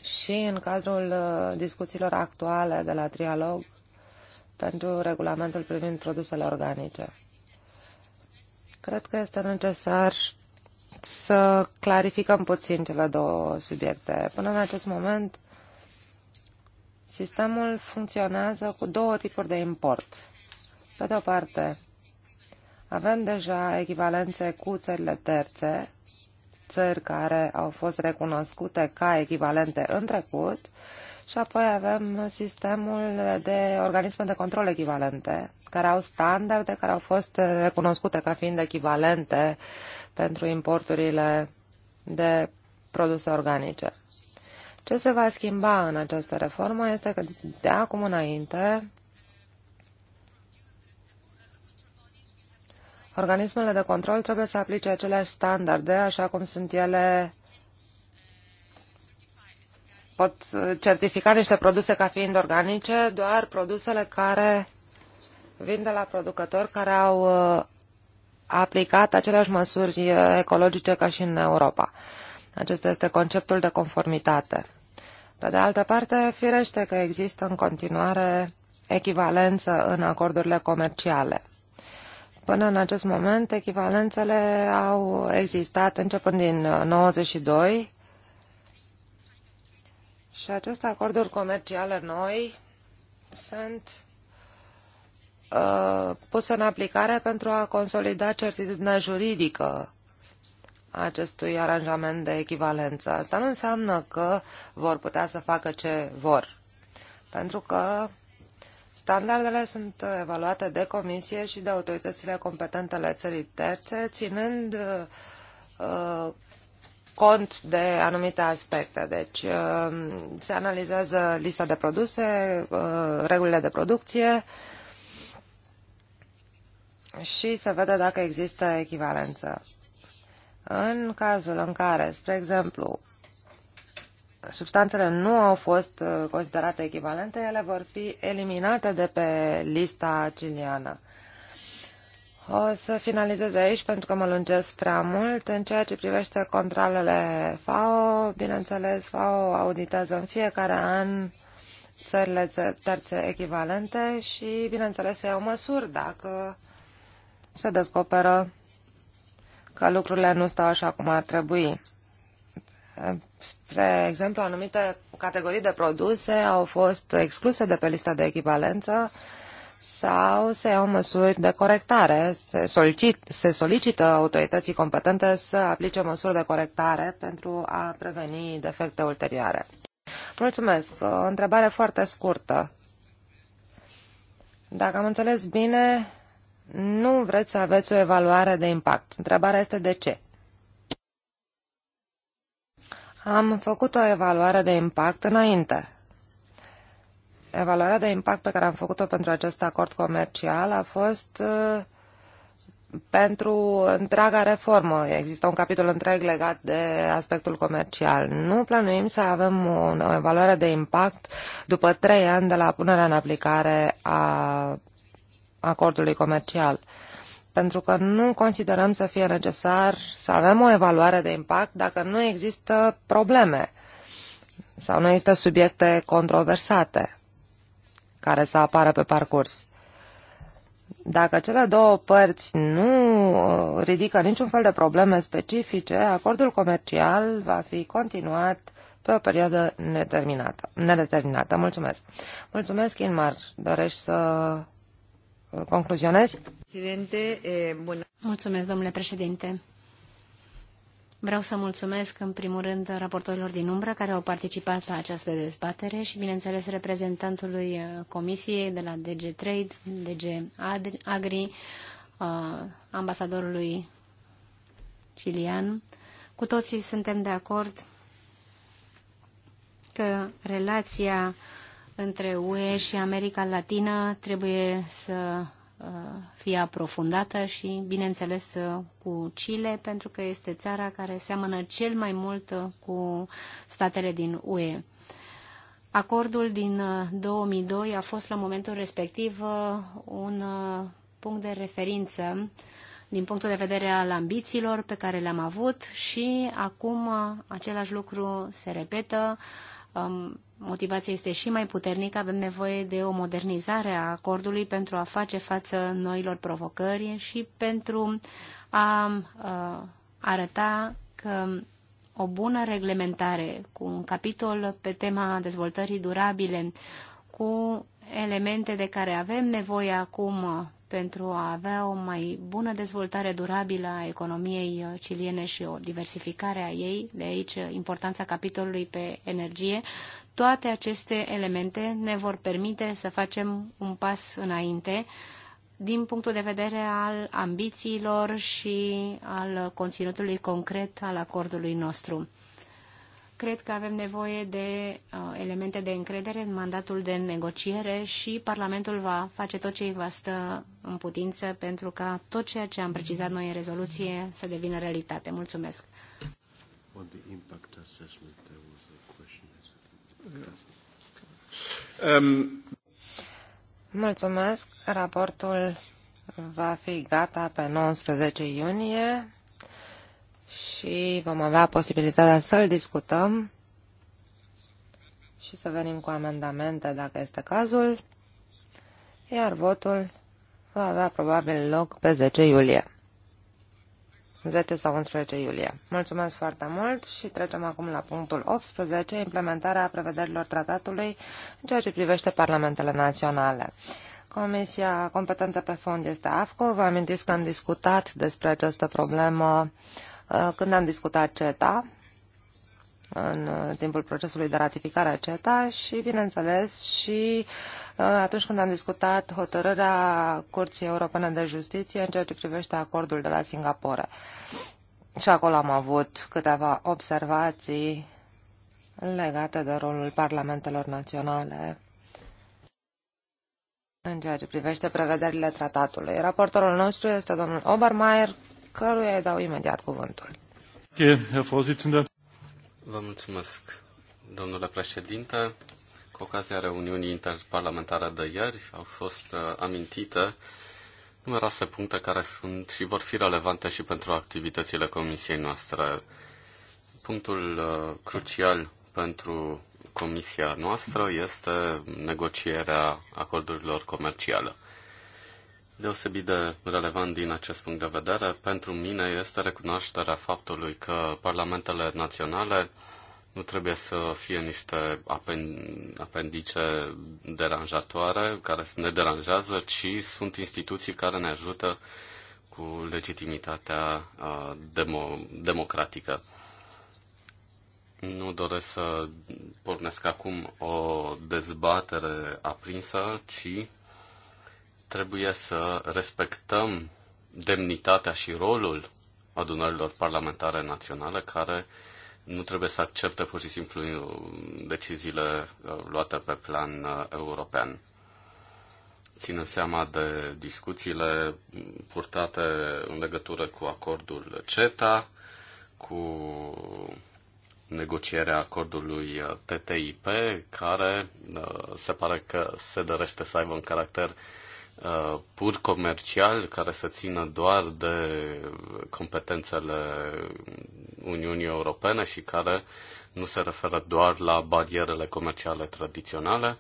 și în cadrul uh, discuțiilor actuale de la trialog pentru regulamentul privind produsele organice. Cred că este necesar să clarificăm puțin cele două subiecte. Până în acest moment, sistemul funcționează cu două tipuri de import. Pe de o parte, avem deja echivalențe cu țările terțe, țări care au fost recunoscute ca echivalente în trecut, și apoi avem sistemul de organisme de control echivalente, care au standarde care au fost recunoscute ca fiind echivalente pentru importurile de produse organice. Ce se va schimba în această reformă este că de acum înainte organismele de control trebuie să aplice aceleași standarde, așa cum sunt ele pot certifica niște produse ca fiind organice, doar produsele care vin de la producători care au uh, aplicat aceleași măsuri ecologice ca și în Europa. Acesta este conceptul de conformitate. Pe de altă parte, firește că există în continuare echivalență în acordurile comerciale. Până în acest moment, echivalențele au existat începând din 92 uh, și aceste acorduri comerciale noi sunt Uh, pus în aplicare pentru a consolida certitudinea juridică acestui aranjament de echivalență. Asta nu înseamnă că vor putea să facă ce vor, pentru că standardele sunt evaluate de comisie și de autoritățile competente ale țării terțe, ținând uh, cont de anumite aspecte. Deci uh, se analizează lista de produse, uh, regulile de producție, uh, și să vedă dacă există echivalență. În cazul în care, spre exemplu, substanțele nu au fost uh, considerate echivalente, ele vor fi eliminate de pe lista ciliană. O să finalizez aici pentru că mă lungesc prea mult. În ceea ce privește controlele FAO, bineînțeles, FAO auditează în fiecare an țările terțe echivalente și, bineînțeles, să iau măsuri dacă se descoperă că lucrurile nu stau așa cum ar trebui. Spre exemplu, anumite categorii de produse au fost excluse de pe lista de echivalență sau se iau măsuri de corectare. Se, solicit, se solicită autorității competente să aplice măsuri de corectare pentru a preveni defecte ulterioare. Mulțumesc. O întrebare foarte scurtă. Dacă am înțeles bine, nu vreți să aveți o evaluare de impact. Întrebarea este de ce. Am făcut o evaluare de impact înainte. Evaluarea de impact pe care am făcut-o pentru acest acord comercial a fost uh, pentru întreaga reformă. Există un capitol întreg legat de aspectul comercial. Nu planuim să avem o evaluare de impact după trei ani de la punerea în aplicare a acordului comercial, pentru că nu considerăm să fie necesar să avem o evaluare de impact dacă nu există probleme sau nu există subiecte controversate care să apară pe parcurs. Dacă cele două părți nu uh, ridică niciun fel de probleme specifice, acordul comercial va fi continuat pe o perioadă nedeterminată. nedeterminată. Mulțumesc. Mulțumesc, Inmar. Dorești să Uh, concluzionezi? Eh, mulțumesc, domnule președinte. Vreau să mulțumesc în primul rând raportorilor din umbră care au participat la această dezbatere și, bineînțeles, reprezentantului uh, Comisiei de la DG Trade, DG Agri, uh, ambasadorului cilian. Cu toții suntem de acord că relația între UE și America Latină trebuie să uh, fie aprofundată și, bineînțeles, uh, cu Chile, pentru că este țara care seamănă cel mai mult uh, cu statele din UE. Acordul din 2002 a fost la momentul respectiv un punct de referință din punctul de vedere al ambițiilor pe care le-am avut și acum același lucru se repetă um, motivația este și mai puternică, avem nevoie de o modernizare a acordului pentru a face față noilor provocări și pentru a, uh, arăta că o bună reglementare cu un capitol pe tema dezvoltării durabile, cu elemente de care avem nevoie acum pentru a avea o mai bună dezvoltare durabilă a economiei ciliene și o diversificare a ei, de aici importanța capitolului pe energie, toate aceste elemente ne vor permite să facem un pas înainte din punctul de vedere al ambițiilor și al conținutului concret al acordului nostru. Cred că avem nevoie de uh, elemente de încredere în mandatul de negociere și Parlamentul va face tot ce îi va stă în putință pentru ca tot ceea ce am precizat noi în rezoluție să devină realitate. Mulțumesc! On the impact assessment. Um, Mulțumesc. Raportul va fi gata pe 19 iunie și vom avea posibilitatea să-l discutăm și să venim cu amendamente dacă este cazul, iar votul va avea probabil loc pe 10 iulie. 10 sau 11 iulie. Mulțumesc foarte mult și trecem acum la punctul 18, implementarea prevederilor tratatului în ceea ce privește parlamentele naționale. Comisia competentă pe fond este AFCO. Vă amintiți că am discutat despre această problemă uh, când am discutat CETA în uh, timpul procesului de ratificare a CETA și, bineînțeles, și uh, atunci când am discutat hotărârea Curții Europene de Justiție în ceea ce privește acordul de la Singapore. Și acolo am avut câteva observații legate de rolul parlamentelor naționale în ceea ce privește prevederile tratatului. Raportorul nostru este domnul Obermeier, căruia îi dau imediat cuvântul. Vă mulțumesc, domnule președinte. Cu ocazia reuniunii interparlamentare de ieri au fost uh, amintite numeroase puncte care sunt și vor fi relevante și pentru activitățile comisiei noastre. Punctul uh, crucial pentru comisia noastră este negocierea acordurilor comerciale deosebit de relevant din acest punct de vedere pentru mine este recunoașterea faptului că parlamentele naționale nu trebuie să fie niște apendice deranjatoare care ne deranjează, ci sunt instituții care ne ajută cu legitimitatea demo, democratică. Nu doresc să pornesc acum o dezbatere aprinsă, ci Trebuie să respectăm demnitatea și rolul adunărilor parlamentare naționale care nu trebuie să accepte pur și simplu uh, deciziile uh, luate pe plan uh, european. Țină seama de discuțiile mm, purtate în legătură cu acordul CETA, cu negocierea acordului TTIP, care se pare că se dorește să aibă un caracter Uh, pur comercial care să țină doar de competențele Uniunii Europene și care nu se referă doar la barierele comerciale tradiționale.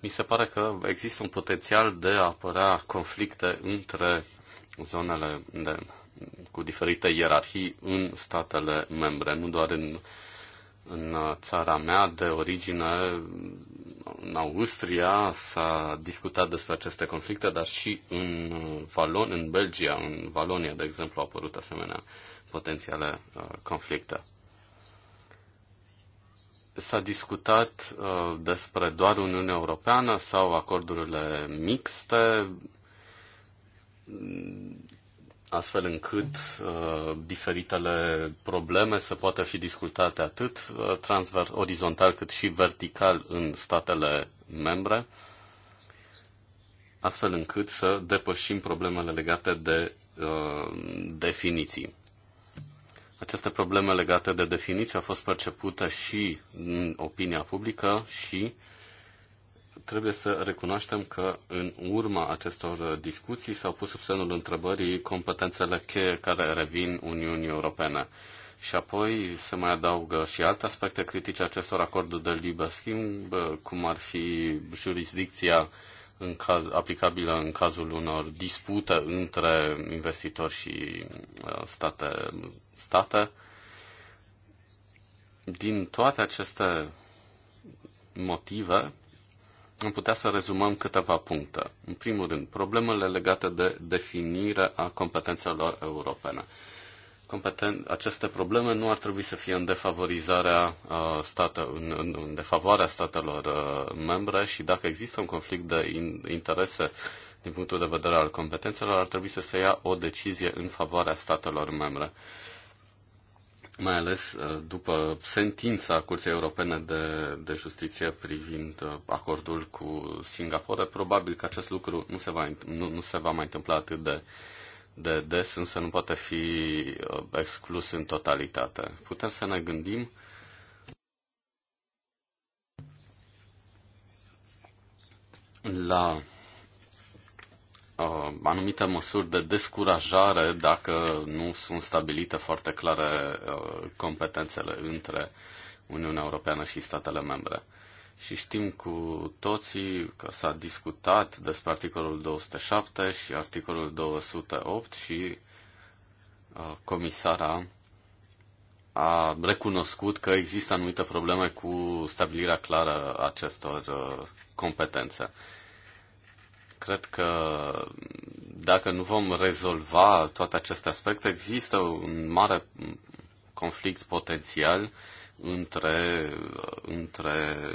Mi se pare că există un potențial de a apărea conflicte între zonele de, cu diferite ierarhii în statele membre, nu doar în în uh, țara mea de origine, în Austria, s-a discutat despre aceste conflicte, dar și în, uh, Valon, în Belgia, în Valonia, de exemplu, au apărut asemenea potențiale uh, conflicte s-a discutat uh, despre doar Uniunea Europeană sau acordurile mixte astfel încât uh, diferitele probleme să poată fi discutate atât uh, transvers, orizontal cât și vertical în statele membre, astfel încât să depășim problemele legate de uh, definiții. Aceste probleme legate de definiții au fost percepute și în opinia publică și uh, trebuie să recunoaștem că în urma acestor discuții s-au pus sub semnul întrebării competențele cheie care revin Uniunii Europene. Și apoi se mai adaugă și alte aspecte critice acestor acorduri de liber schimb, cum ar fi jurisdicția în caz, aplicabilă în cazul unor dispute între investitori și uh, state. state. Din toate aceste motive, am putea să rezumăm câteva puncte. În primul rând, problemele legate de definire a competențelor europene. Competen- aceste probleme nu ar trebui să fie în defavorizarea uh, state, în, în, în defavoarea statelor uh, membre și dacă există un conflict de in, interese din punctul de vedere al competențelor, ar trebui să se ia o decizie în favoarea statelor membre. Uh, mai ales uh, după sentința Curții Europene de, de Justiție privind uh, acordul cu Singapore. Probabil că acest lucru nu se va, nu, nu se va mai întâmpla atât de, de des, însă nu poate fi uh, exclus în totalitate. Putem să ne gândim la Uh, anumite măsuri de descurajare dacă nu sunt stabilite foarte clare uh, competențele între Uniunea Europeană și statele membre. Și știm cu toții că s-a discutat despre articolul 207 și articolul 208 și uh, comisara a recunoscut că există anumite probleme cu stabilirea clară acestor competențe. Cred că dacă nu vom rezolva toate aceste aspecte, există un mare conflict potențial între, între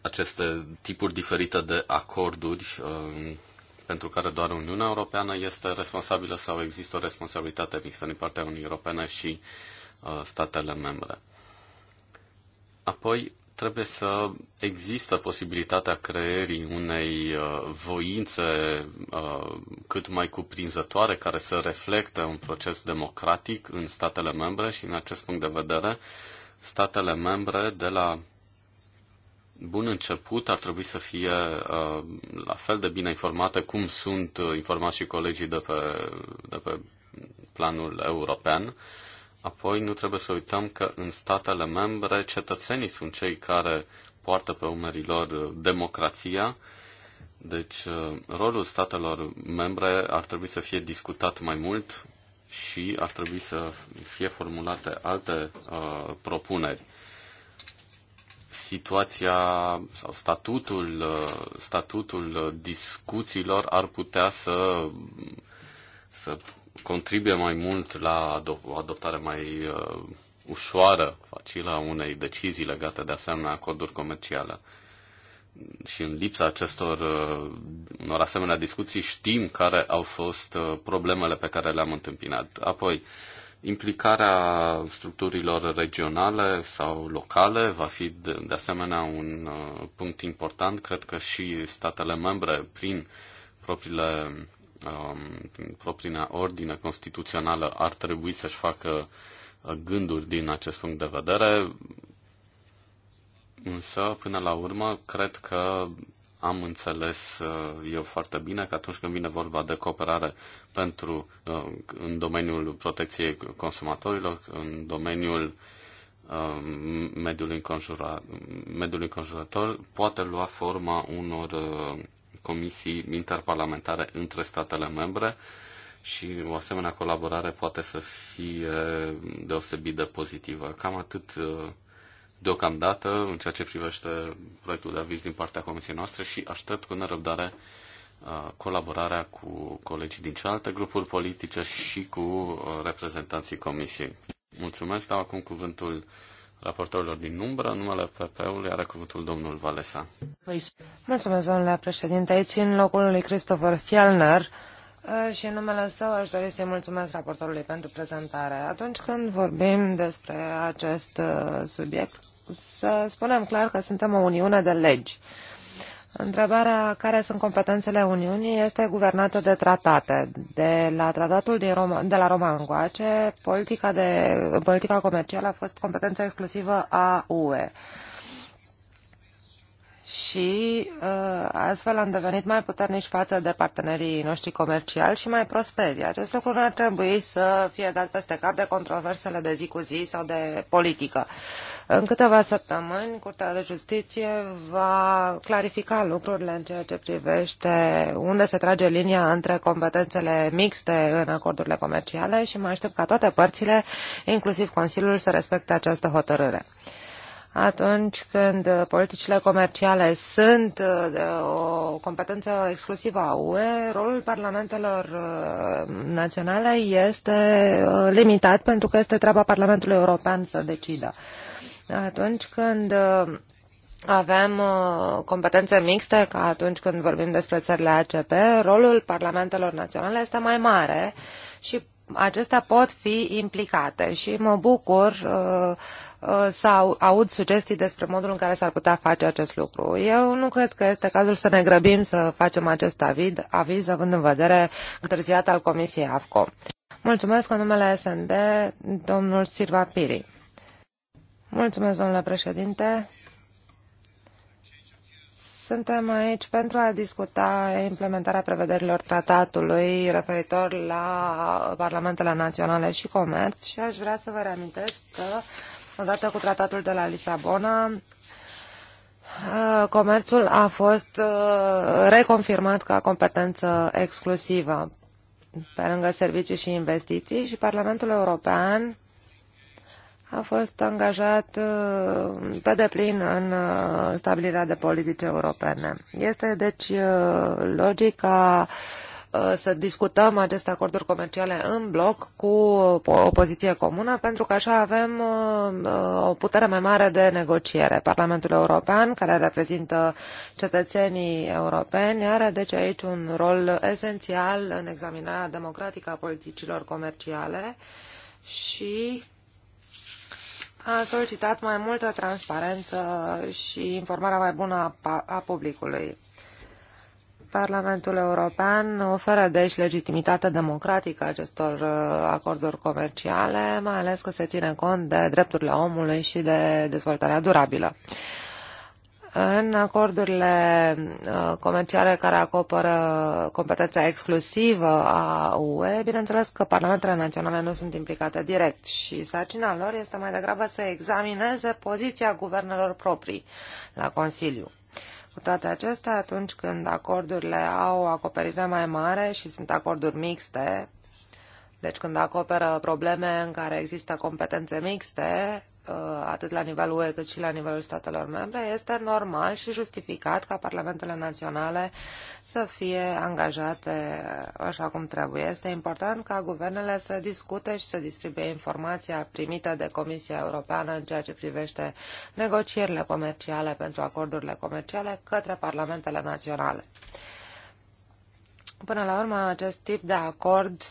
aceste tipuri diferite de acorduri uh, pentru care doar Uniunea Europeană este responsabilă sau există o responsabilitate mixtă din partea Uniunii Europene și uh, statele membre. Apoi, trebuie să există posibilitatea creierii unei uh, voințe uh, cât mai cuprinzătoare care să reflecte un proces democratic în statele membre și în acest punct de vedere statele membre de la bun început ar trebui să fie uh, la fel de bine informate cum sunt informați și colegii de pe, de pe planul european Apoi nu trebuie să uităm că în statele membre cetățenii sunt cei care poartă pe umerii lor democrația, deci uh, rolul statelor membre ar trebui să fie discutat mai mult și ar trebui să fie formulate alte uh, propuneri. Situația sau statutul, uh, statutul discuțiilor ar putea să, să contribuie mai mult la o adoptare mai uh, ușoară, facilă a unei decizii legate de asemenea acorduri comerciale. Și în lipsa acestor uh, unor asemenea discuții știm care au fost uh, problemele pe care le-am întâmpinat. Apoi, implicarea structurilor regionale sau locale va fi de, de asemenea un uh, punct important. Cred că și statele membre, prin propriile Um, propria ordine constituțională ar trebui să-și facă uh, gânduri din acest punct de vedere, însă, până la urmă, cred că am înțeles uh, eu foarte bine că atunci când vine vorba de cooperare pentru, uh, în domeniul protecției consumatorilor, în domeniul mediului, înconjura, mediului înconjurător, poate lua forma unor comisii interparlamentare între statele membre și o asemenea colaborare poate să fie deosebit de pozitivă. Cam atât uh, deocamdată în ceea ce privește proiectul de aviz din partea comisiei noastre și aștept cu nerăbdare uh, colaborarea cu colegii din cealaltă grupuri politice și cu uh, reprezentanții comisiei. Mulțumesc, dau acum cuvântul raportorilor din umbră. Numele PP-ului are cuvântul domnul Valesa. Păi mulțumesc, domnule președinte. Aici, în locul lui Christopher Fielner, uh, și în numele său aș dori să-i mulțumesc raportorului pentru prezentare. Atunci când vorbim despre acest uh, subiect, să spunem clar că suntem o uniune de legi. Uh, Întrebarea care sunt competențele Uniunii este guvernată de tratate. De la tratatul din Roma, de la Roma încoace, politica, de, politica comercială a fost competența exclusivă a UE și uh, astfel am devenit mai puternici față de partenerii noștri comerciali și mai prosperi. Acest lucru nu ar trebui să fie dat peste cap de controversele de zi cu zi sau de politică. În câteva săptămâni, Curtea de Justiție va clarifica lucrurile în ceea ce privește unde se trage linia între competențele mixte în acordurile comerciale și mă aștept ca toate părțile, inclusiv Consiliul, să respecte această hotărâre atunci când uh, politicile comerciale sunt uh, o competență exclusivă a UE, rolul parlamentelor uh, naționale este limitat pentru că este treaba Parlamentului European să decidă. Atunci când avem competențe mixte, ca atunci când vorbim despre țările ACP, rolul parlamentelor naționale este mai mare și acestea pot fi implicate și mă bucur uh, uh, să aud sugestii despre modul în care s-ar putea face acest lucru. Eu nu cred că este cazul să ne grăbim să facem acest avid, aviz, având în vedere întârziat al Comisiei AFCO. Mulțumesc în numele SND, domnul Silva Piri. Mulțumesc, domnule președinte. Suntem aici pentru a discuta implementarea prevederilor tratatului referitor la Parlamentele Naționale și Comerț și aș vrea să vă reamintesc că, odată cu tratatul de la Lisabona, uh, comerțul a fost uh, reconfirmat ca competență exclusivă pe lângă servicii și investiții și Parlamentul European a fost angajat uh, pe deplin în uh, stabilirea de politici europene. Este deci uh, logica să discutăm aceste acorduri comerciale în bloc cu o poziție comună, pentru că așa avem o putere mai mare de negociere. Parlamentul European, care reprezintă cetățenii europeni, are deci aici un rol esențial în examinarea democratică a politicilor comerciale și a solicitat mai multă transparență și informarea mai bună a, a publicului. Parlamentul European oferă deci legitimitate democratică acestor uh, acorduri comerciale, mai ales că se ține cont de drepturile omului și de dezvoltarea durabilă. În acordurile uh, comerciale care acoperă competența exclusivă a UE, bineînțeles că parlamentele naționale nu sunt implicate direct și sarcina lor este mai degrabă să examineze poziția guvernelor proprii la Consiliu. Cu toate acestea, atunci când acordurile au o acoperire mai mare și sunt acorduri mixte, deci când acoperă probleme în care există competențe mixte, Uh, atât la nivelul UE cât și la nivelul statelor membre, este normal și justificat ca parlamentele naționale să fie angajate așa cum trebuie. Este important ca guvernele să discute și să distribuie informația primită de Comisia Europeană în ceea ce privește negocierile comerciale pentru acordurile comerciale către parlamentele naționale. Până la urmă, acest tip de acord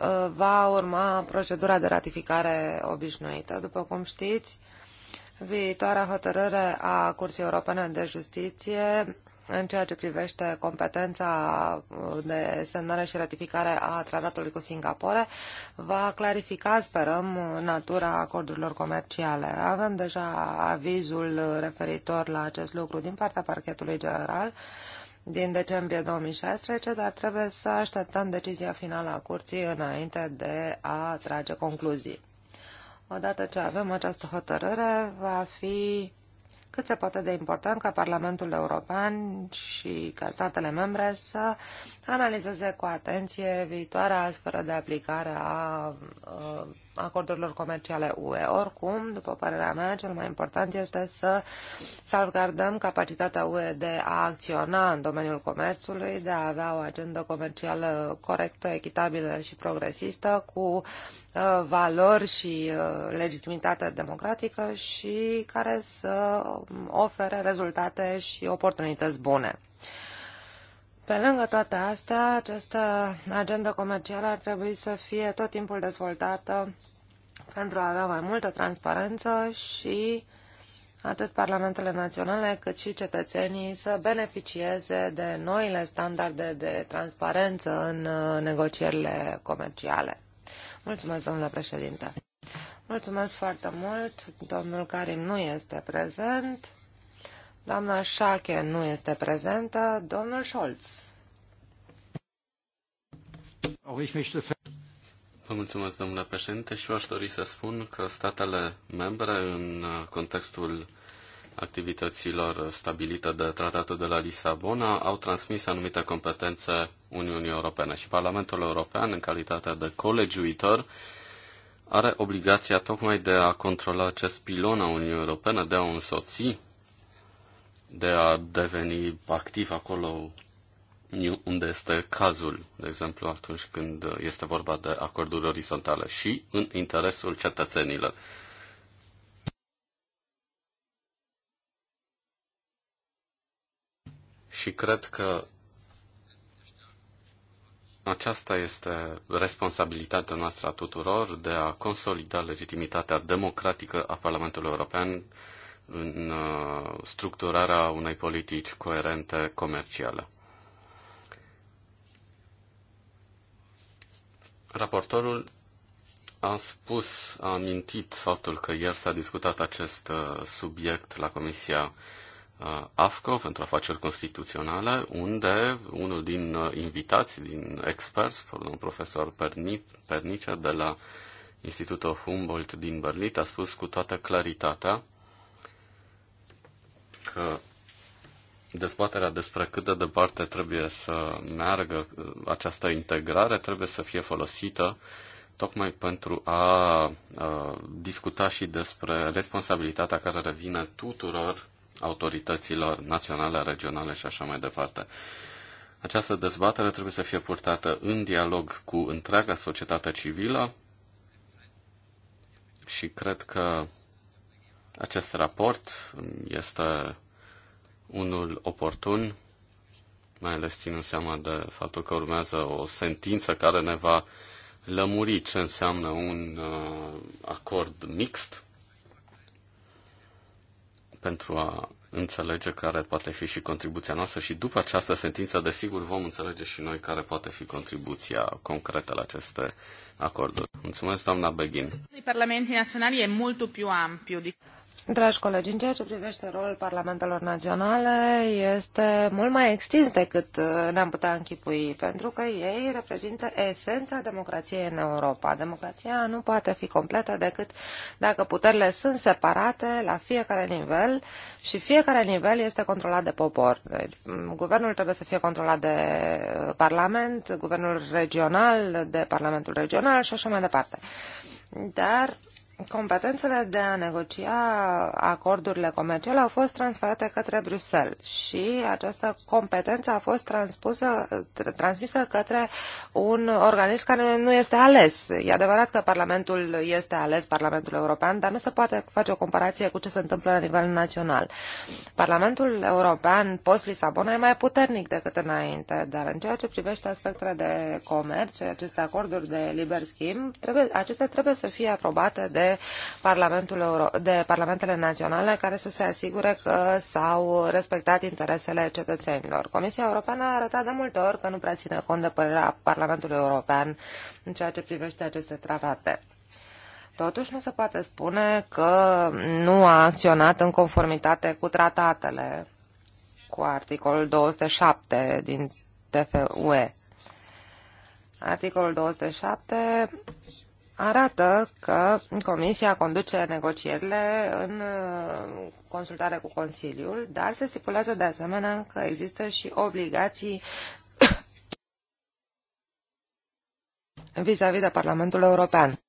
Uh, va urma procedura de ratificare obișnuită. După cum știți, viitoarea hotărâre a Curții Europene de Justiție în ceea ce privește competența de semnare și ratificare a tratatului cu Singapore, va clarifica, sperăm, natura acordurilor comerciale. Avem deja avizul referitor la acest lucru din partea parchetului general din decembrie 2016, dar trebuie să așteptăm decizia finală a curții înainte de a trage concluzii. Odată ce avem această hotărâre, va fi cât se poate de important ca Parlamentul European și ca statele membre să analizeze cu atenție viitoarea sferă de aplicare a uh, acordurilor comerciale UE. Oricum, după părerea mea, cel mai important este să salvgardăm capacitatea UE de a acționa în domeniul comerțului, de a avea o agendă comercială corectă, echitabilă și progresistă, cu uh, valori și uh, legitimitate democratică și care să um, ofere rezultate și oportunități bune. Pe lângă toate astea, această agendă comercială ar trebui să fie tot timpul dezvoltată pentru a avea mai multă transparență și atât parlamentele naționale cât și cetățenii să beneficieze de noile standarde de transparență în uh, negocierile comerciale. Mulțumesc, domnule președinte. Mulțumesc foarte mult. Domnul Karim nu este prezent. Doamna Șache nu este prezentă. Domnul Scholz. Vă mulțumesc, domnule președinte, și eu aș dori să spun că statele membre, în contextul activităților stabilite de tratatul de la Lisabona, au transmis anumite competențe Uniunii Europene și Parlamentul European, în calitate de colegiuitor, are obligația tocmai de a controla acest pilon a Uniunii Europene, de a o însoți de a deveni activ acolo unde este cazul, de exemplu, atunci când este vorba de acorduri orizontale și în interesul cetățenilor. Și cred că aceasta este responsabilitatea noastră a tuturor de a consolida legitimitatea democratică a Parlamentului European în uh, structurarea unei politici coerente comerciale. Raportorul a spus, a amintit faptul că ieri s-a discutat acest uh, subiect la Comisia uh, AFCO pentru afaceri constituționale, unde unul din invitați, din experți, un profesor Pernice de la Institutul Humboldt din Berlin, a spus cu toată claritatea că dezbaterea despre cât de departe trebuie să meargă uh, această integrare trebuie să fie folosită tocmai pentru a, a uh, discuta și despre responsabilitatea care revine tuturor autorităților naționale, regionale și așa mai departe. Această dezbatere trebuie să fie purtată în dialog cu întreaga societate civilă și cred că acest raport este unul oportun, mai ales ținând seama de faptul că urmează o sentință care ne va lămuri ce înseamnă un uh, acord mixt pentru a înțelege care poate fi și contribuția noastră și după această sentință, desigur, vom înțelege și noi care poate fi contribuția concretă la aceste acorduri. Mulțumesc, doamna Beghin. Parlamentii naționali e mult più ampio. Dragi colegi, în ceea ce privește rolul parlamentelor naționale, este mult mai extins decât uh, ne-am putea închipui, pentru că ei reprezintă esența democrației în Europa. Democrația nu poate fi completă decât dacă puterile sunt separate la fiecare nivel și fiecare nivel este controlat de popor. Deci, guvernul trebuie să fie controlat de uh, Parlament, guvernul regional de Parlamentul Regional și așa mai departe. Dar competențele de a negocia acordurile comerciale au fost transferate către Bruxelles și această competență a fost transpusă, transmisă către un organism care nu este ales. E adevărat că Parlamentul este ales, Parlamentul European, dar nu se poate face o comparație cu ce se întâmplă la nivel național. Parlamentul European post-Lisabona e mai puternic decât înainte, dar în ceea ce privește aspectele de comerț, aceste acorduri de liber schimb, trebuie, acestea trebuie să fie aprobate de de, Parlamentul Euro- de Parlamentele Naționale care să se asigure că s-au respectat interesele cetățenilor. Comisia Europeană a arătat de multe ori că nu prea ține cont de părerea Parlamentului European în ceea ce privește aceste tratate. Totuși nu se poate spune că nu a acționat în conformitate cu tratatele, cu articolul 207 din TFUE. Articolul 207 arată că Comisia conduce negocierile în uh, consultare cu Consiliul, dar se stipulează de asemenea că există și obligații vis-a-vis -vis de Parlamentul European.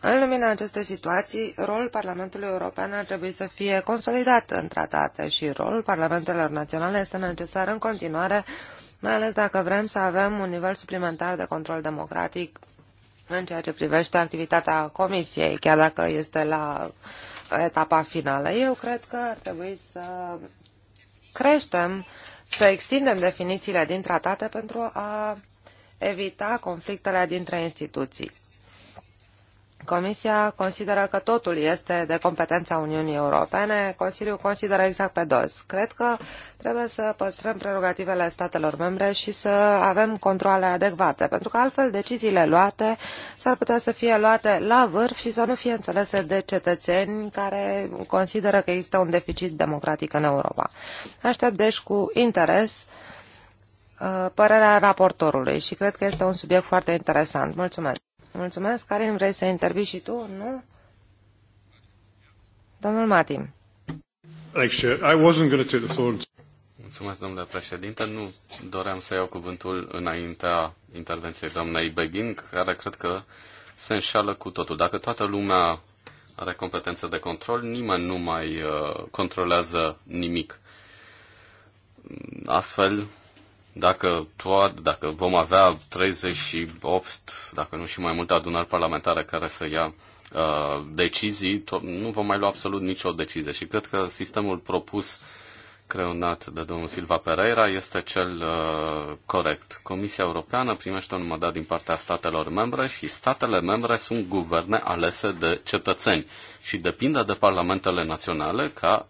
În lumina acestei situații, rolul Parlamentului European ar trebui să fie consolidat în tratate și rolul Parlamentelor Naționale este necesar în continuare uh, mai ales dacă vrem să avem un nivel suplimentar de control democratic în ceea ce privește activitatea Comisiei, chiar dacă este la etapa finală. Eu cred că ar trebui să creștem, să extindem definițiile din tratate pentru a evita conflictele dintre instituții. Comisia consideră că totul este de competența Uniunii Europene, Consiliul consideră exact pe dos. Cred că trebuie să păstrăm prerogativele statelor membre și să avem controle adecvate, pentru că altfel deciziile luate s-ar putea să fie luate la vârf și să nu fie înțelese de cetățeni care consideră că există un deficit democratic în Europa. Aștept deci cu interes uh, părerea raportorului și cred că este un subiect foarte interesant. Mulțumesc! Mulțumesc. Karin, vrei să intervii și tu, nu? Domnul Matim. Mulțumesc, domnule președinte. Nu doream să iau cuvântul înaintea intervenției doamnei Begin, care cred că se înșală cu totul. Dacă toată lumea are competență de control, nimeni nu mai uh, controlează nimic. Astfel, dacă, toat, dacă vom avea 38, dacă nu și mai multe adunări parlamentare care să ia uh, decizii, to- nu vom mai lua absolut nicio decizie. Și cred că sistemul propus creunat de domnul Silva Pereira este cel uh, corect. Comisia Europeană primește un mandat din partea statelor membre și statele membre sunt guverne alese de cetățeni și depinde de parlamentele naționale ca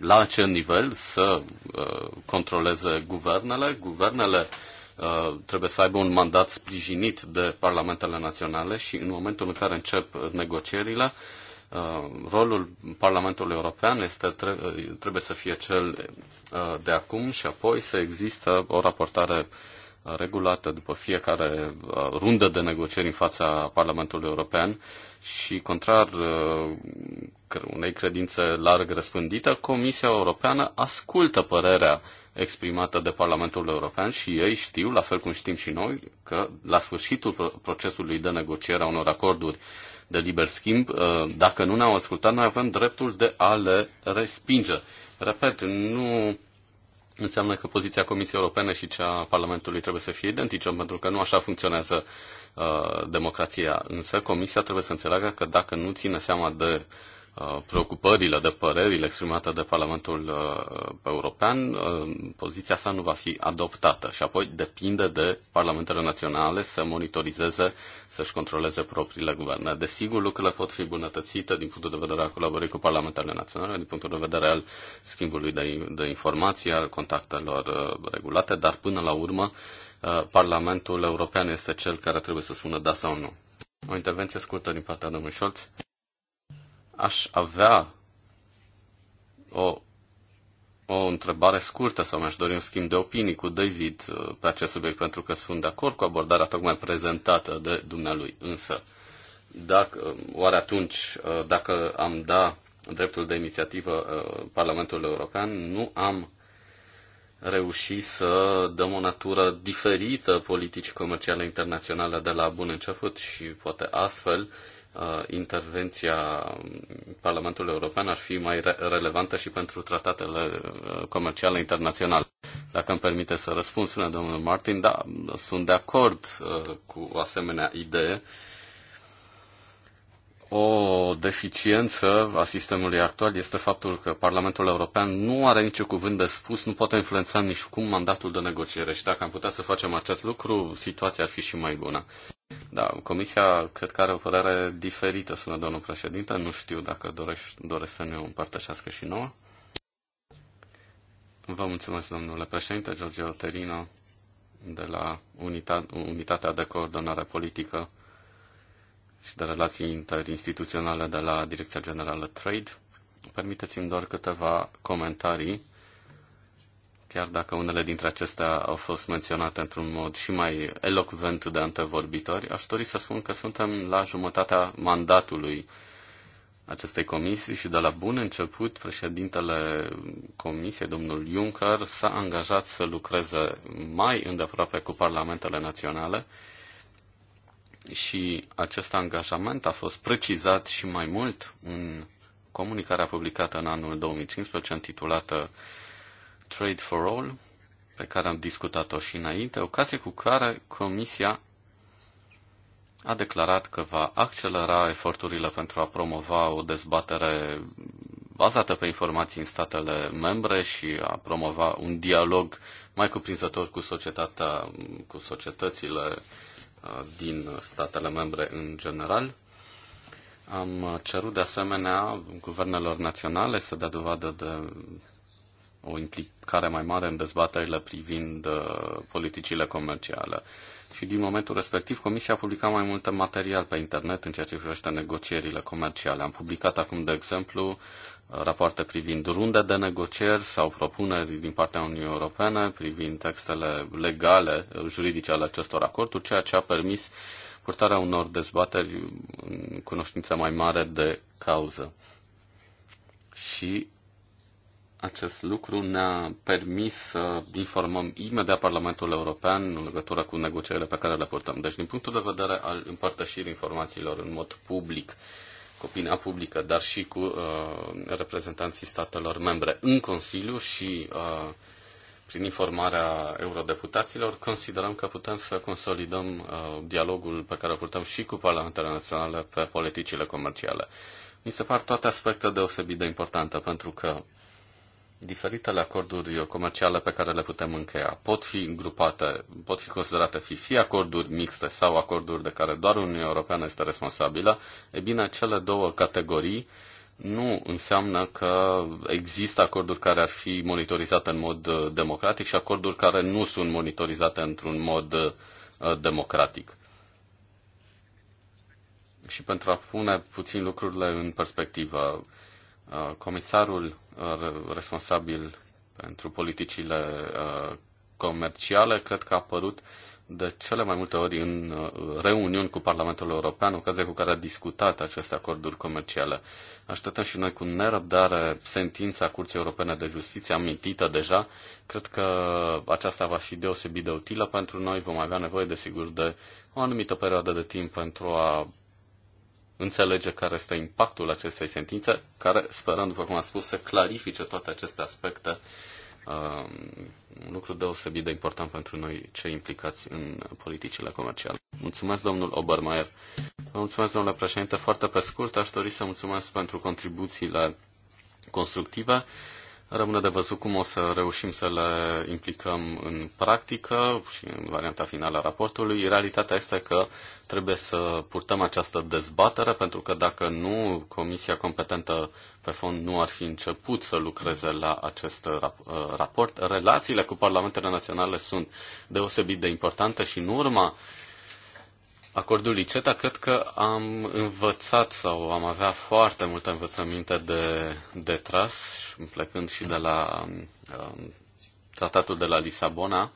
la acel nivel să uh, controleze guvernele. Guvernele uh, trebuie să aibă un mandat sprijinit de parlamentele naționale și în momentul în care încep negocierile, uh, rolul Parlamentului European este, trebuie să fie cel de acum și apoi să există o raportare regulată după fiecare rundă de negocieri în fața Parlamentului European și contrar uh, unei credințe larg răspândită, Comisia Europeană ascultă părerea exprimată de Parlamentul European și ei știu, la fel cum știm și noi, că la sfârșitul procesului de negociere a unor acorduri de liber schimb, uh, dacă nu ne-au ascultat, noi avem dreptul de a le respinge. Repet, nu înseamnă că poziția Comisiei Europene și cea a Parlamentului trebuie să fie identice, pentru că nu așa funcționează uh, democrația. Însă Comisia trebuie să înțeleagă că dacă nu ține seama de Uh, preocupările de părerile exprimate de Parlamentul uh, European, uh, poziția sa nu va fi adoptată și apoi depinde de parlamentele naționale să monitorizeze, să-și controleze propriile guverne. Desigur, lucrurile pot fi bunătățite din punctul de vedere al colaborării cu parlamentele naționale, din punctul de vedere al schimbului de, de informații, al contactelor regulate, dar până la urmă Parlamentul European este cel care trebuie să spună da sau nu. O intervenție scurtă din partea domnului Scholz. Aș avea o, o întrebare scurtă sau mi-aș dori un schimb de opinii cu David uh, pe acest subiect, pentru că sunt de acord cu abordarea tocmai prezentată de dumnealui. Însă, dacă, uh, oare atunci, uh, dacă am da dreptul de inițiativă Parlamentului European, nu am reuși să dăm o natură diferită politicii comerciale internaționale de la bun început și poate astfel Uh, intervenția Parlamentului European ar fi mai re- relevantă și pentru tratatele uh, comerciale internaționale. Dacă îmi permite să răspund, spune domnul Martin, da, sunt de acord uh, cu o asemenea idee. Uh, o deficiență a sistemului actual este faptul că Parlamentul European nu are niciun cuvânt de spus, nu poate influența nici cum mandatul de negociere și dacă am putea să facem acest lucru, situația ar fi și mai bună. Da, Comisia cred că are o părere diferită, sună domnul președinte, nu știu dacă doresc, doresc să ne o împărtășească și nouă. Vă mulțumesc, domnule președinte, George Oterino, de la Unita- Unitatea de Coordonare Politică și de relații interinstituționale de la Direcția Generală Trade. Permiteți-mi doar câteva comentarii, chiar dacă unele dintre acestea au fost menționate într-un mod și mai elocvent de antevorbitori, aș dori să spun că suntem la jumătatea mandatului acestei comisii și de la bun început președintele comisiei, domnul Juncker, s-a angajat să lucreze mai îndeaproape cu parlamentele naționale și acest angajament a fost precizat și mai mult în comunicarea publicată în anul 2015, intitulată Trade for All, pe care am discutat-o și înainte, ocazie cu care Comisia a declarat că va accelera eforturile pentru a promova o dezbatere bazată pe informații în statele membre și a promova un dialog mai cuprinzător cu societatea, cu societățile din statele membre în general. Am cerut de asemenea guvernelor naționale să dea dovadă de o implicare mai mare în dezbaterile privind politicile comerciale. Și din momentul respectiv, Comisia a publicat mai multe material pe internet în ceea ce privește negocierile comerciale. Am publicat acum, de exemplu, rapoarte privind runde de negocieri sau propuneri din partea Uniunii Europene privind textele legale, juridice ale acestor acorduri, ceea ce a permis purtarea unor dezbateri în cunoștință mai mare de cauză. Și acest lucru ne-a permis să informăm imediat Parlamentul European în legătură cu negocierile pe care le purtăm. Deci, din punctul de vedere al împărtășirii informațiilor în mod public, cu opinia publică, dar și cu uh, reprezentanții statelor membre în Consiliu și uh, prin informarea eurodeputaților, considerăm că putem să consolidăm uh, dialogul pe care îl purtăm și cu parlamentele naționale pe politicile comerciale. Mi se par toate aspecte deosebit de importante, pentru că diferitele acorduri comerciale pe care le putem încheia pot fi grupate, pot fi considerate fi fie acorduri mixte sau acorduri de care doar Uniunea Europeană este responsabilă, e bine, cele două categorii nu înseamnă că există acorduri care ar fi monitorizate în mod uh, democratic și acorduri care nu sunt monitorizate într-un mod uh, democratic. Și pentru a pune puțin lucrurile în perspectivă, Uh, comisarul uh, responsabil pentru politicile uh, comerciale, cred că a apărut de cele mai multe ori în reuniuni cu Parlamentul European, ocazia cu care a discutat aceste acorduri comerciale. Așteptăm și noi cu nerăbdare sentința Curții Europene de Justiție, amintită deja. Cred că aceasta va fi deosebit de utilă pentru noi. Vom avea nevoie, desigur, de o anumită perioadă de timp pentru a înțelege care este impactul acestei sentințe, care sperăm, după cum am spus, să clarifice toate aceste aspecte. Uh, un lucru deosebit de important pentru noi cei implicați în politicile comerciale. Mulțumesc, domnul Obermeier. Vă mulțumesc, domnule președinte. Foarte pe scurt, aș dori să mulțumesc pentru contribuțiile constructive. Rămâne de văzut cum o să reușim să le implicăm în practică și în varianta finală a raportului. Realitatea este că trebuie să purtăm această dezbatere, pentru că dacă nu, comisia competentă pe fond nu ar fi început să lucreze la acest uh, raport. Relațiile cu parlamentele naționale sunt deosebit de importante și în urma acordul Liceta, cred că am învățat sau am avea foarte multe învățăminte de, de tras, plecând și de la um, tratatul de la Lisabona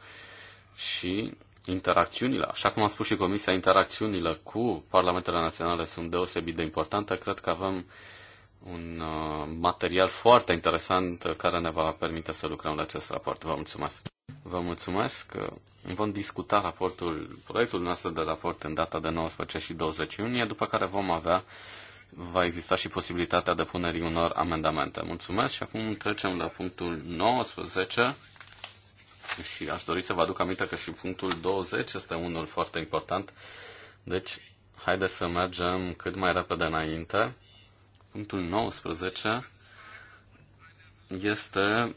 și interacțiunile, așa cum a spus și Comisia, interacțiunile cu parlamentele naționale sunt deosebit de importante. Cred că avem un uh, material foarte interesant care ne va permite să lucrăm la acest raport. Vă mulțumesc! Vă mulțumesc. Vom discuta raportul, proiectul nostru de raport în data de 19 și 20 iunie, după care vom avea, va exista și posibilitatea depunerii unor amendamente. Mulțumesc și acum trecem la punctul 19 și aș dori să vă aduc aminte că și punctul 20 este unul foarte important. Deci, haideți să mergem cât mai repede înainte. Punctul 19 este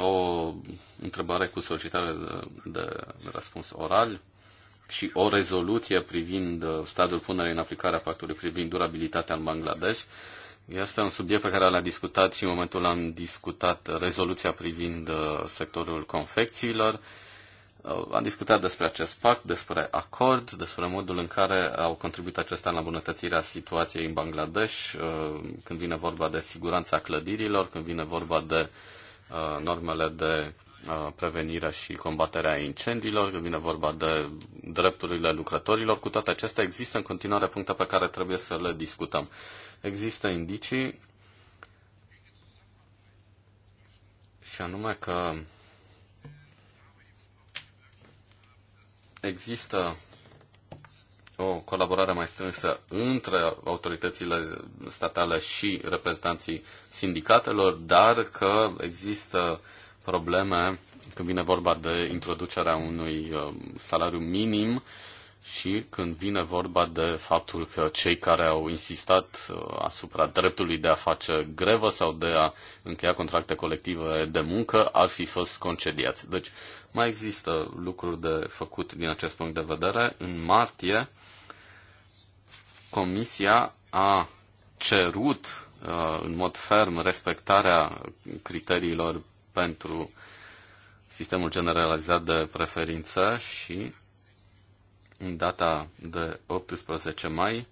o întrebare cu solicitare de, de răspuns oral și o rezoluție privind uh, stadiul punerii în aplicare a pactului privind durabilitatea în Bangladesh. Este un subiect pe care l am discutat și în momentul am discutat rezoluția privind uh, sectorul confecțiilor. Uh, am discutat despre acest pact, despre acord, despre modul în care au contribuit acestea la îmbunătățirea situației în Bangladesh, când vine vorba de siguranța clădirilor, când vine vorba de uh, Uh, normele de uh, prevenire și combaterea incendiilor, când vine vorba de drepturile lucrătorilor. Cu toate acestea, există în continuare puncte pe care trebuie să le discutăm. Există indicii și anume că există o colaborare mai strânsă între autoritățile statale și reprezentanții sindicatelor, dar că există probleme când vine vorba de introducerea unui uh, salariu minim și când vine vorba de faptul că cei care au insistat uh, asupra dreptului de a face grevă sau de a încheia contracte colective de muncă ar fi fost concediați. Deci mai există lucruri de făcut din acest punct de vedere. În martie Comisia a cerut uh, în mod ferm respectarea criteriilor pentru sistemul generalizat de preferință și în data de 18 mai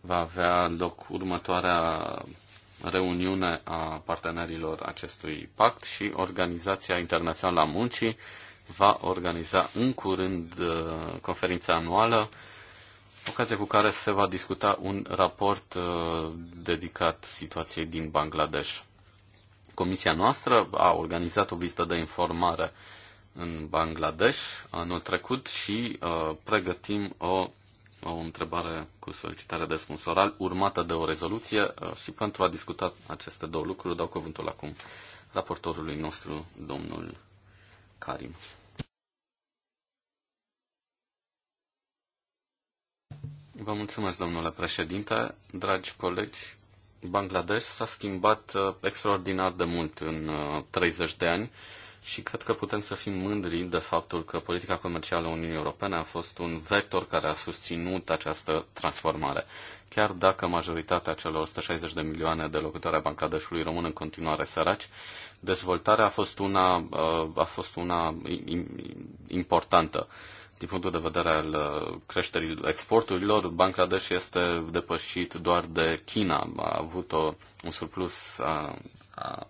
va avea loc următoarea reuniune a partenerilor acestui pact și Organizația Internațională a Muncii va organiza în curând uh, conferința anuală ocazie cu care se va discuta un raport uh, dedicat situației din Bangladesh. Comisia noastră a organizat o vizită de informare în Bangladesh anul trecut și uh, pregătim o, o întrebare cu solicitare de sponsoral, oral urmată de o rezoluție uh, și pentru a discuta aceste două lucruri dau cuvântul acum raportorului nostru, domnul Karim. Vă mulțumesc, domnule președinte. Dragi colegi, Bangladesh s-a schimbat uh, extraordinar de mult în 30 uh, de ani și cred că putem să fim mândri de faptul că politica comercială a Uniunii Europene a fost un vector care a susținut această transformare. Chiar dacă majoritatea celor 160 de milioane de locuitori ai Bangladeshului rămân în continuare săraci, dezvoltarea a fost una, uh, a fost una importantă din punctul de vedere al uh, creșterii exporturilor, Bangladesh este depășit doar de China. A avut o, un surplus a, a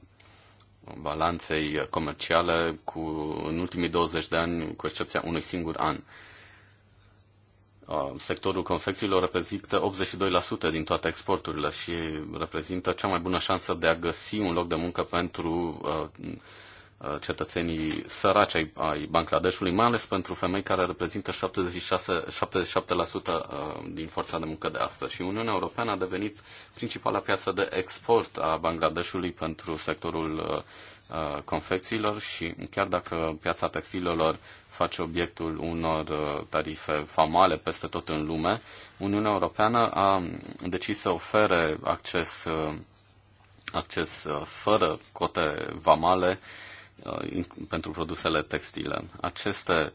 balanței comerciale cu, în ultimii 20 de ani, cu excepția unui singur an. Sectorul confecțiilor reprezintă 82% din toate exporturile și reprezintă cea mai bună șansă de a găsi un loc de muncă pentru uh, Uh, cetățenii săraci ai, ai Bangladeshului, mai ales pentru femei care reprezintă 76, 77% uh, din forța de muncă de astăzi. Și Uniunea Europeană a devenit principala piață de export a Bangladeshului pentru sectorul uh, confecțiilor și chiar dacă piața textilelor face obiectul unor tarife famale peste tot în lume, Uniunea Europeană a decis să ofere acces, acces fără cote vamale uh, Uh, pentru produsele textile. Aceste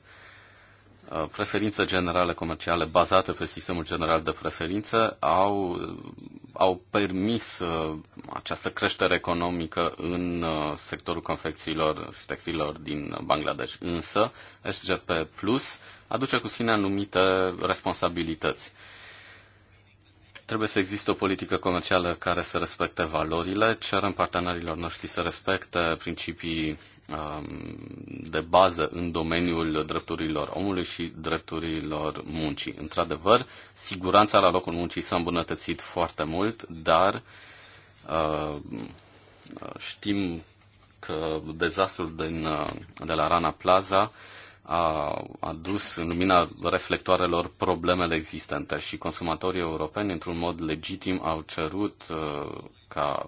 uh, preferințe generale comerciale bazate pe sistemul general de preferințe au, au permis uh, această creștere economică în sectorul confecțiilor și textilor din Bangladesh. Însă, SGP Plus aduce cu sine anumite responsabilități Trebuie să existe o politică comercială care să respecte valorile, cerem partenerilor noștri să respecte principii um, de bază în domeniul drepturilor omului și drepturilor muncii. Într-adevăr, siguranța la locul muncii s-a îmbunătățit foarte mult, dar uh, știm că dezastrul din, uh, de la Rana Plaza a adus în lumina reflectoarelor problemele existente și consumatorii europeni, într-un mod legitim, au cerut uh, ca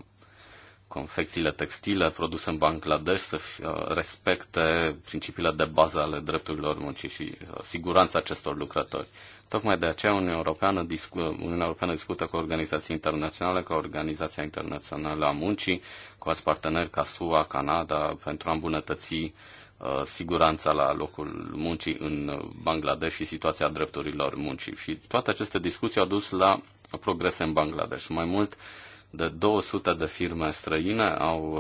confecțiile textile produse în Bangladesh să uh, respecte principiile de bază ale drepturilor muncii și uh, siguranța acestor lucrători. Tocmai de aceea Uniunea Europeană, discu- Uniunea Europeană discută cu organizații internaționale, cu Organizația Internațională a Muncii, cu alți parteneri ca SUA, Canada, pentru a îmbunătăți Uh, siguranța la locul muncii în Bangladesh și situația drepturilor muncii. Și toate aceste discuții au dus la progrese în Bangladesh. Mai mult de 200 de firme străine au,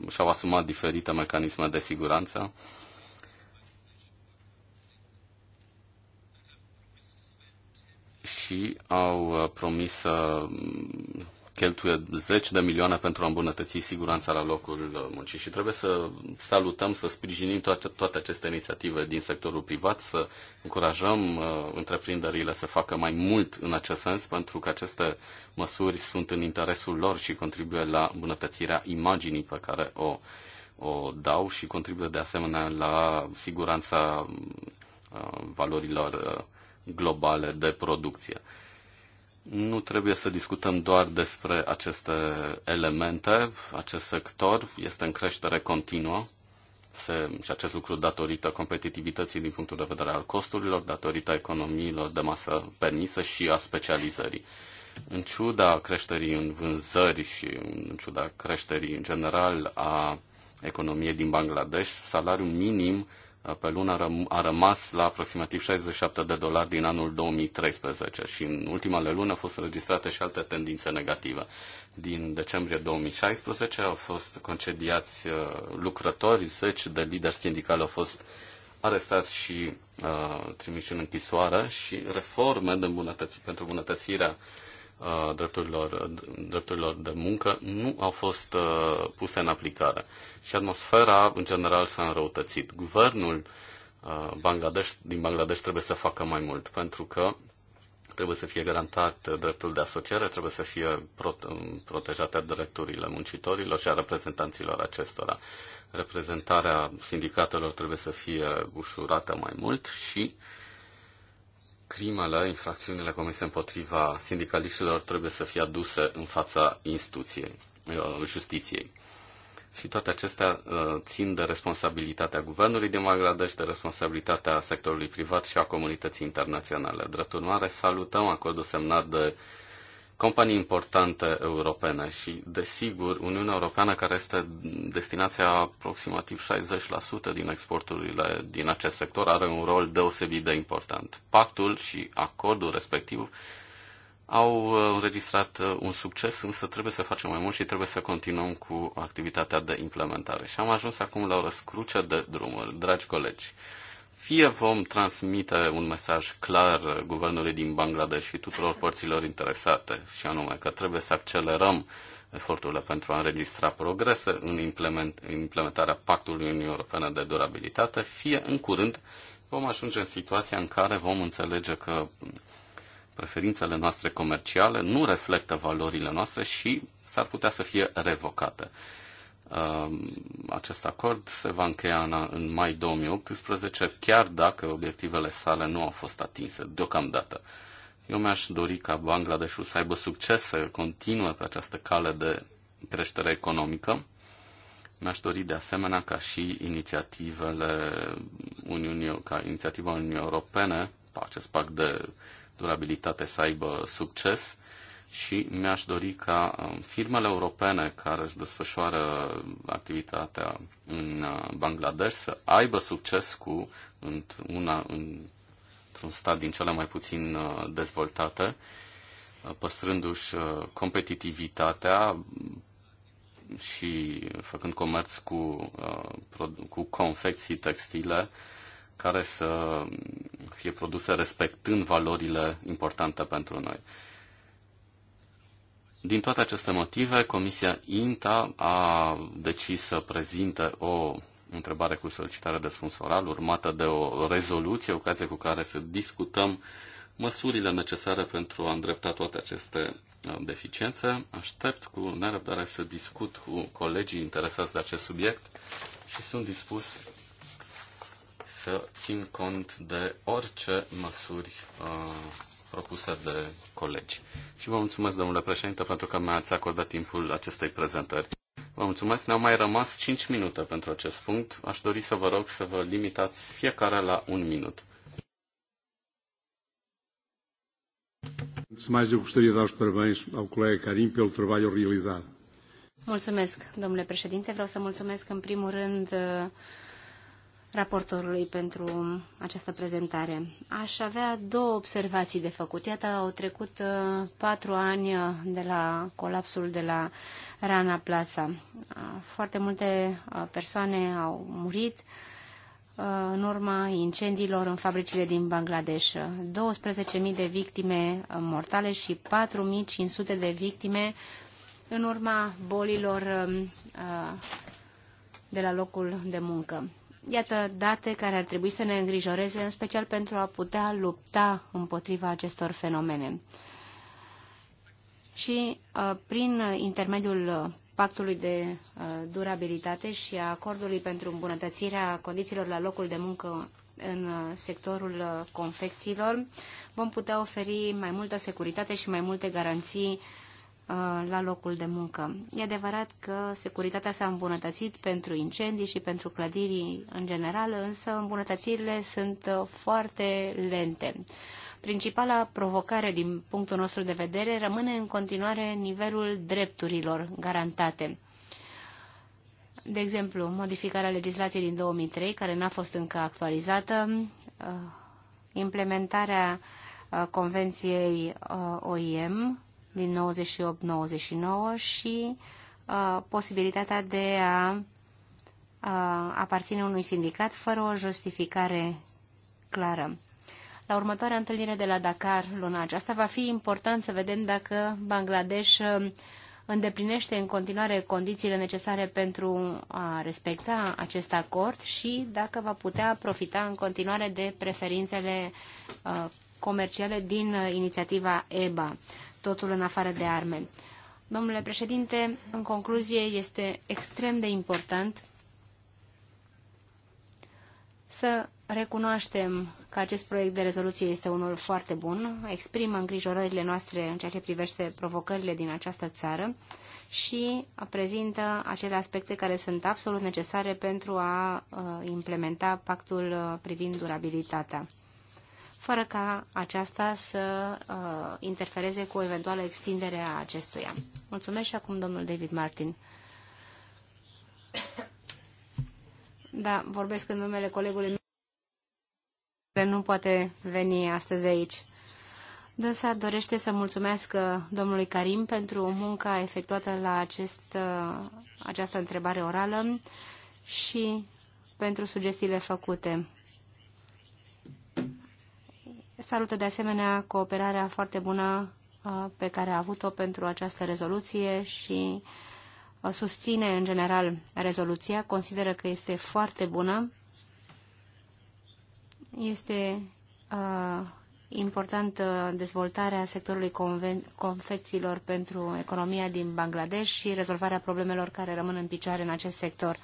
uh, și-au asumat diferite mecanisme de siguranță. și au uh, promis să cheltuie zeci de milioane pentru a îmbunătăți siguranța la locul muncii și trebuie să salutăm, să sprijinim toate, toate aceste inițiative din sectorul privat, să încurajăm uh, întreprinderile să facă mai mult în acest sens, pentru că aceste măsuri sunt în interesul lor și contribuie la îmbunătățirea imaginii pe care o, o dau și contribuie de asemenea la siguranța uh, valorilor uh, globale de producție nu trebuie să discutăm doar despre aceste elemente. Acest sector este în creștere continuă se, și acest lucru datorită competitivității din punctul de vedere al costurilor, datorită economiilor de masă permisă și a specializării. În ciuda creșterii în vânzări și în ciuda creșterii în general a economiei din Bangladesh, salariul minim uh, pe lună a rămas la aproximativ 67 de dolari din anul 2013 și în ultimele luni au fost înregistrate și alte tendințe negative. Din decembrie 2016 au fost concediați uh, lucrători, zeci de lideri sindicali au fost arestați și uh, trimiși în închisoare și reforme de bunătăți, pentru bunătățirea uh, drepturilor, drepturilor de muncă nu au fost puse în aplicare. Și atmosfera, în general, s-a înrăutățit. Guvernul Bangladesh, din Bangladesh trebuie să facă mai mult, pentru că trebuie să fie garantat dreptul de asociere, trebuie să fie protejate drepturile muncitorilor și a reprezentanților acestora. Reprezentarea sindicatelor trebuie să fie ușurată mai mult și uh, crimele, infracțiunile comise împotriva sindicaliștilor trebuie să fie aduse în fața instituției, uh, justiției. Și toate acestea uh, țin de responsabilitatea guvernului din Bangladesh, de responsabilitatea sectorului privat și a comunității internaționale. Drept urmare, salutăm acordul semnat de companii importante europene și, desigur, Uniunea Europeană, care este destinația aproximativ 60% din exporturile din acest sector, are un rol deosebit de important. Pactul și acordul respectiv au uh, înregistrat uh, un succes, însă trebuie să facem mai mult și trebuie să continuăm cu activitatea de implementare. Și am ajuns acum la o răscruce de drumuri, dragi colegi. Fie vom transmite un mesaj clar guvernului din Bangladesh și tuturor părților interesate, și anume că trebuie să accelerăm eforturile pentru a înregistra progrese în implement, implementarea Pactului Uniunii Europene de Durabilitate, fie în curând vom ajunge în situația în care vom înțelege că preferințele noastre comerciale nu reflectă valorile noastre și s-ar putea să fie revocate. Um, acest acord se va încheia în, în mai 2018, chiar dacă obiectivele sale nu au fost atinse deocamdată. Eu mi-aș dori ca Bangladeshul să aibă succes, să continue pe această cale de creștere economică. Mi-aș dori de asemenea ca și inițiativele Uniunii, ca inițiativa Uniunii Europene, acest pact de durabilitate să aibă succes și mi-aș dori ca um, firmele europene care își desfășoară activitatea în uh, Bangladesh să aibă succes cu una, într-un stat din cele mai puțin uh, dezvoltate, uh, păstrându-și competitivitatea și făcând comerț cu, cu confecții textile care să fie produse respectând valorile importante pentru noi. Din toate aceste motive, Comisia INTA a decis să prezinte o întrebare cu solicitare de răspuns oral, urmată de o rezoluție, ocazie cu care să discutăm măsurile necesare pentru a îndrepta toate aceste uh, deficiențe. Aștept cu nerăbdare să discut cu colegii interesați de acest subiect și sunt dispus să țin cont de orice măsuri uh, propusă de colegi. Și vă mulțumesc, domnule președinte, pentru că mi-ați acordat timpul acestei prezentări. Vă mulțumesc, ne-au mai rămas 5 minute pentru acest punct. Aș dori să vă rog să vă limitați fiecare la un minut. Mulțumesc, domnule președinte. Vreau să mulțumesc în primul rând raportorului pentru această prezentare. Aș avea două observații de făcut. Iată, au trecut uh, patru ani uh, de la colapsul de la Rana Plaza. Uh, foarte multe persoane au murit în urma incendiilor în fabricile din Bangladesh. 12.000 de victime mortale și 4.500 de victime în urma bolilor um, de la locul de muncă. Iată date care ar trebui să ne îngrijoreze, în special pentru a putea lupta împotriva acestor fenomene. Și uh, prin intermediul pactului de uh, durabilitate și a acordului pentru îmbunătățirea condițiilor la locul de muncă în uh, sectorul confecțiilor, vom putea oferi mai multă securitate și mai multe garanții uh, Uh, la locul de muncă. E adevărat că securitatea s-a îmbunătățit pentru incendii și pentru clădirii în general, însă îmbunătățirile sunt uh, foarte lente. Principala provocare din punctul nostru de vedere rămâne în continuare nivelul drepturilor garantate. De exemplu, modificarea legislației din 2003, care n-a fost încă actualizată, uh, implementarea Convenției OIM din 98-99 și uh, posibilitatea de a uh, aparține unui sindicat fără o justificare clară. La următoarea întâlnire de la Dakar luna aceasta va fi important să vedem dacă Bangladesh uh, îndeplinește în continuare condițiile necesare pentru a respecta acest acord și dacă va putea profita în continuare de preferințele uh, comerciale din uh, inițiativa EBA totul în afară de arme. Domnule președinte, în concluzie, este extrem de important să recunoaștem că acest proiect de rezoluție este unul foarte bun, exprimă îngrijorările noastre în ceea ce privește provocările din această țară și prezintă acele aspecte care sunt absolut necesare pentru a uh, implementa pactul uh, privind durabilitatea fără ca aceasta să uh, interfereze cu o eventuală extindere a acestuia. Mulțumesc și acum domnul David Martin. Da, vorbesc în numele colegului meu care nu poate veni astăzi aici. Dânsa dorește să mulțumesc domnului Karim pentru munca efectuată la acest, uh, această întrebare orală și pentru sugestiile făcute. Salută de asemenea cooperarea foarte bună uh, pe care a avut-o pentru această rezoluție și uh, susține în general rezoluția, consideră că este foarte bună. Este uh, importantă dezvoltarea sectorului confecțiilor pentru economia din Bangladesh și rezolvarea problemelor care rămân în picioare în acest sector.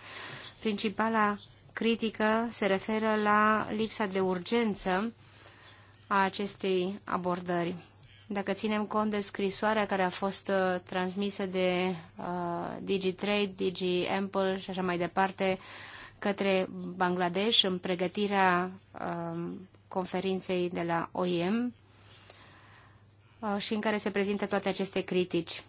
Principala critică se referă la lipsa de urgență a acestei abordări. Dacă ținem cont de scrisoarea care a fost uh, transmisă de uh, DigiTrade, DigiAmple și așa mai departe către Bangladesh în pregătirea uh, conferinței de la OIM uh, și în care se prezintă toate aceste critici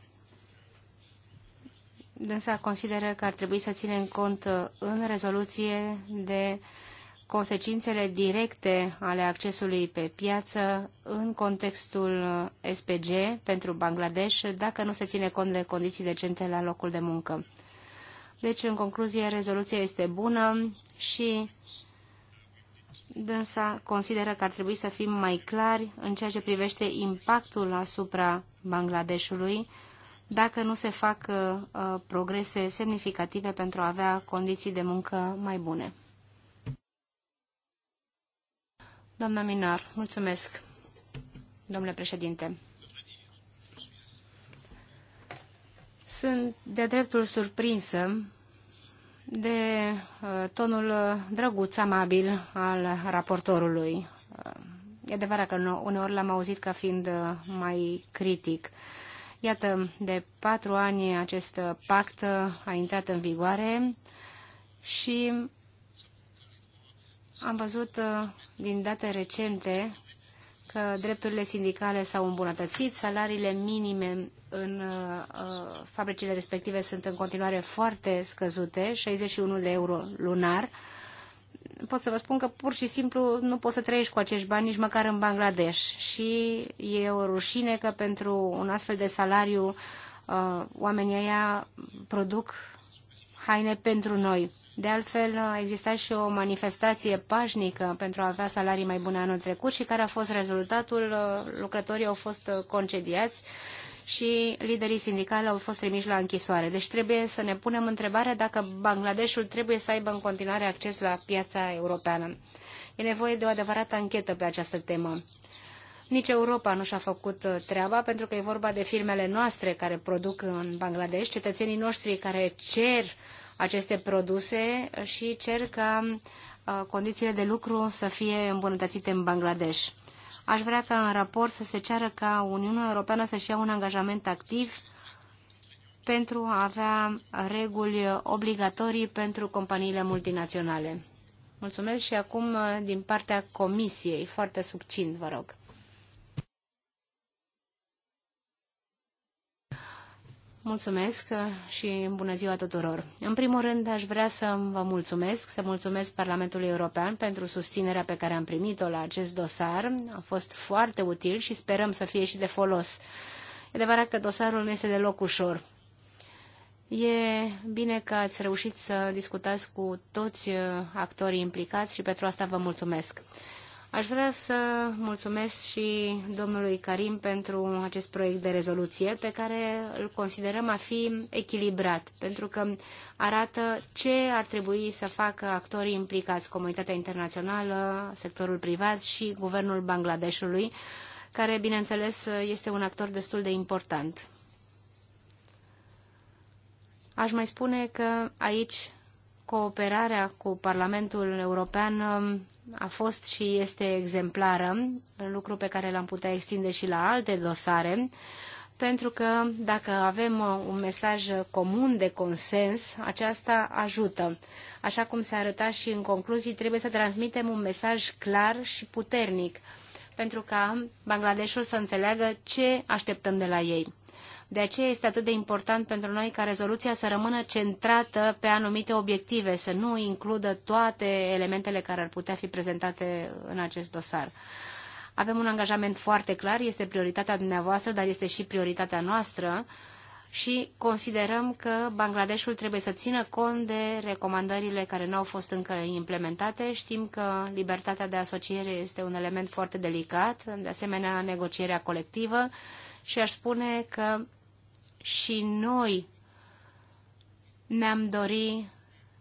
dânsa consideră că ar trebui să ținem cont uh, în rezoluție de consecințele directe ale accesului pe piață în contextul SPG pentru Bangladesh dacă nu se ține cont de condiții decente la locul de muncă. Deci, în concluzie, rezoluția este bună și dânsa consideră că ar trebui să fim mai clari în ceea ce privește impactul asupra Bangladeshului dacă nu se fac uh, progrese semnificative pentru a avea condiții de muncă mai bune. Doamna Minar, mulțumesc, domnule președinte. Sunt de dreptul surprinsă de uh, tonul drăguț, amabil al raportorului. Uh, e adevărat că uneori l-am auzit ca fiind uh, mai critic. Iată, de patru ani acest pact a intrat în vigoare și am văzut uh, din date recente că drepturile sindicale s-au îmbunătățit, salariile minime în uh, uh, fabricile respective sunt în continuare foarte scăzute, 61 de euro lunar. Pot să vă spun că pur și simplu nu poți să trăiești cu acești bani nici măcar în Bangladesh și e o rușine că pentru un astfel de salariu oamenii aia produc haine pentru noi. De altfel, a existat și o manifestație pașnică pentru a avea salarii mai bune anul trecut și care a fost rezultatul. Uh, lucrătorii au fost uh, concediați și liderii sindicali au fost trimiși la închisoare. Deci trebuie să ne punem întrebarea dacă Bangladeshul trebuie să aibă în continuare acces la piața europeană. E nevoie de o adevărată anchetă pe această temă. Nici Europa nu și-a făcut uh, treaba, pentru că e vorba de firmele noastre care produc în Bangladesh, cetățenii noștri care cer aceste produse și cer ca uh, condițiile de lucru să fie îmbunătățite în Bangladesh. Aș vrea ca în raport să se ceară ca Uniunea Europeană să-și ia un angajament activ pentru a avea reguli obligatorii pentru companiile multinaționale. Mulțumesc și acum uh, din partea Comisiei, foarte succint, vă rog. mulțumesc și bună ziua tuturor. În primul rând, aș vrea să vă mulțumesc, să mulțumesc Parlamentului European pentru susținerea pe care am primit-o la acest dosar. A fost foarte util și sperăm să fie și de folos. E adevărat că dosarul nu este deloc ușor. E bine că ați reușit să discutați cu toți actorii implicați și pentru asta vă mulțumesc. Aș vrea să mulțumesc și domnului Karim pentru acest proiect de rezoluție pe care îl considerăm a fi echilibrat, pentru că arată ce ar trebui să facă actorii implicați, comunitatea internațională, sectorul privat și guvernul Bangladeshului, care, bineînțeles, este un actor destul de important. Aș mai spune că aici cooperarea cu Parlamentul European a fost și este exemplară, lucru pe care l-am putea extinde și la alte dosare, pentru că dacă avem uh, un mesaj comun de consens, aceasta ajută. Așa cum se arăta și în concluzii, trebuie să transmitem un mesaj clar și puternic, pentru ca Bangladeshul să înțeleagă ce așteptăm de la ei. De aceea este atât de important pentru noi ca rezoluția să rămână centrată pe anumite obiective, să nu includă toate elementele care ar putea fi prezentate în acest dosar. Avem un angajament foarte clar, este prioritatea dumneavoastră, dar este și prioritatea noastră și considerăm că Bangladeshul trebuie să țină cont de recomandările care nu au fost încă implementate. Știm că libertatea de asociere este un element foarte delicat, de asemenea negocierea colectivă și aș spune că și noi ne-am dori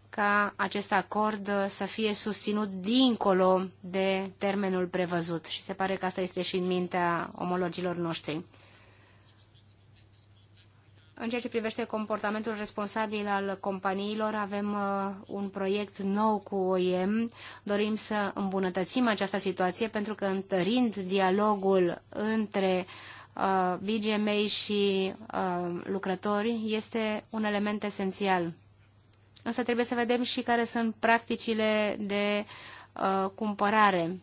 ca acest acord să fie susținut dincolo de termenul prevăzut și se pare că asta este și în mintea omologilor noștri. În ceea ce privește comportamentul responsabil al companiilor, avem uh, un proiect nou cu OIM. Dorim să îmbunătățim această situație pentru că întărind dialogul între uh, Uh, BGMA și uh, lucrători este un element esențial. Însă trebuie să vedem și care sunt practicile de uh, cumpărare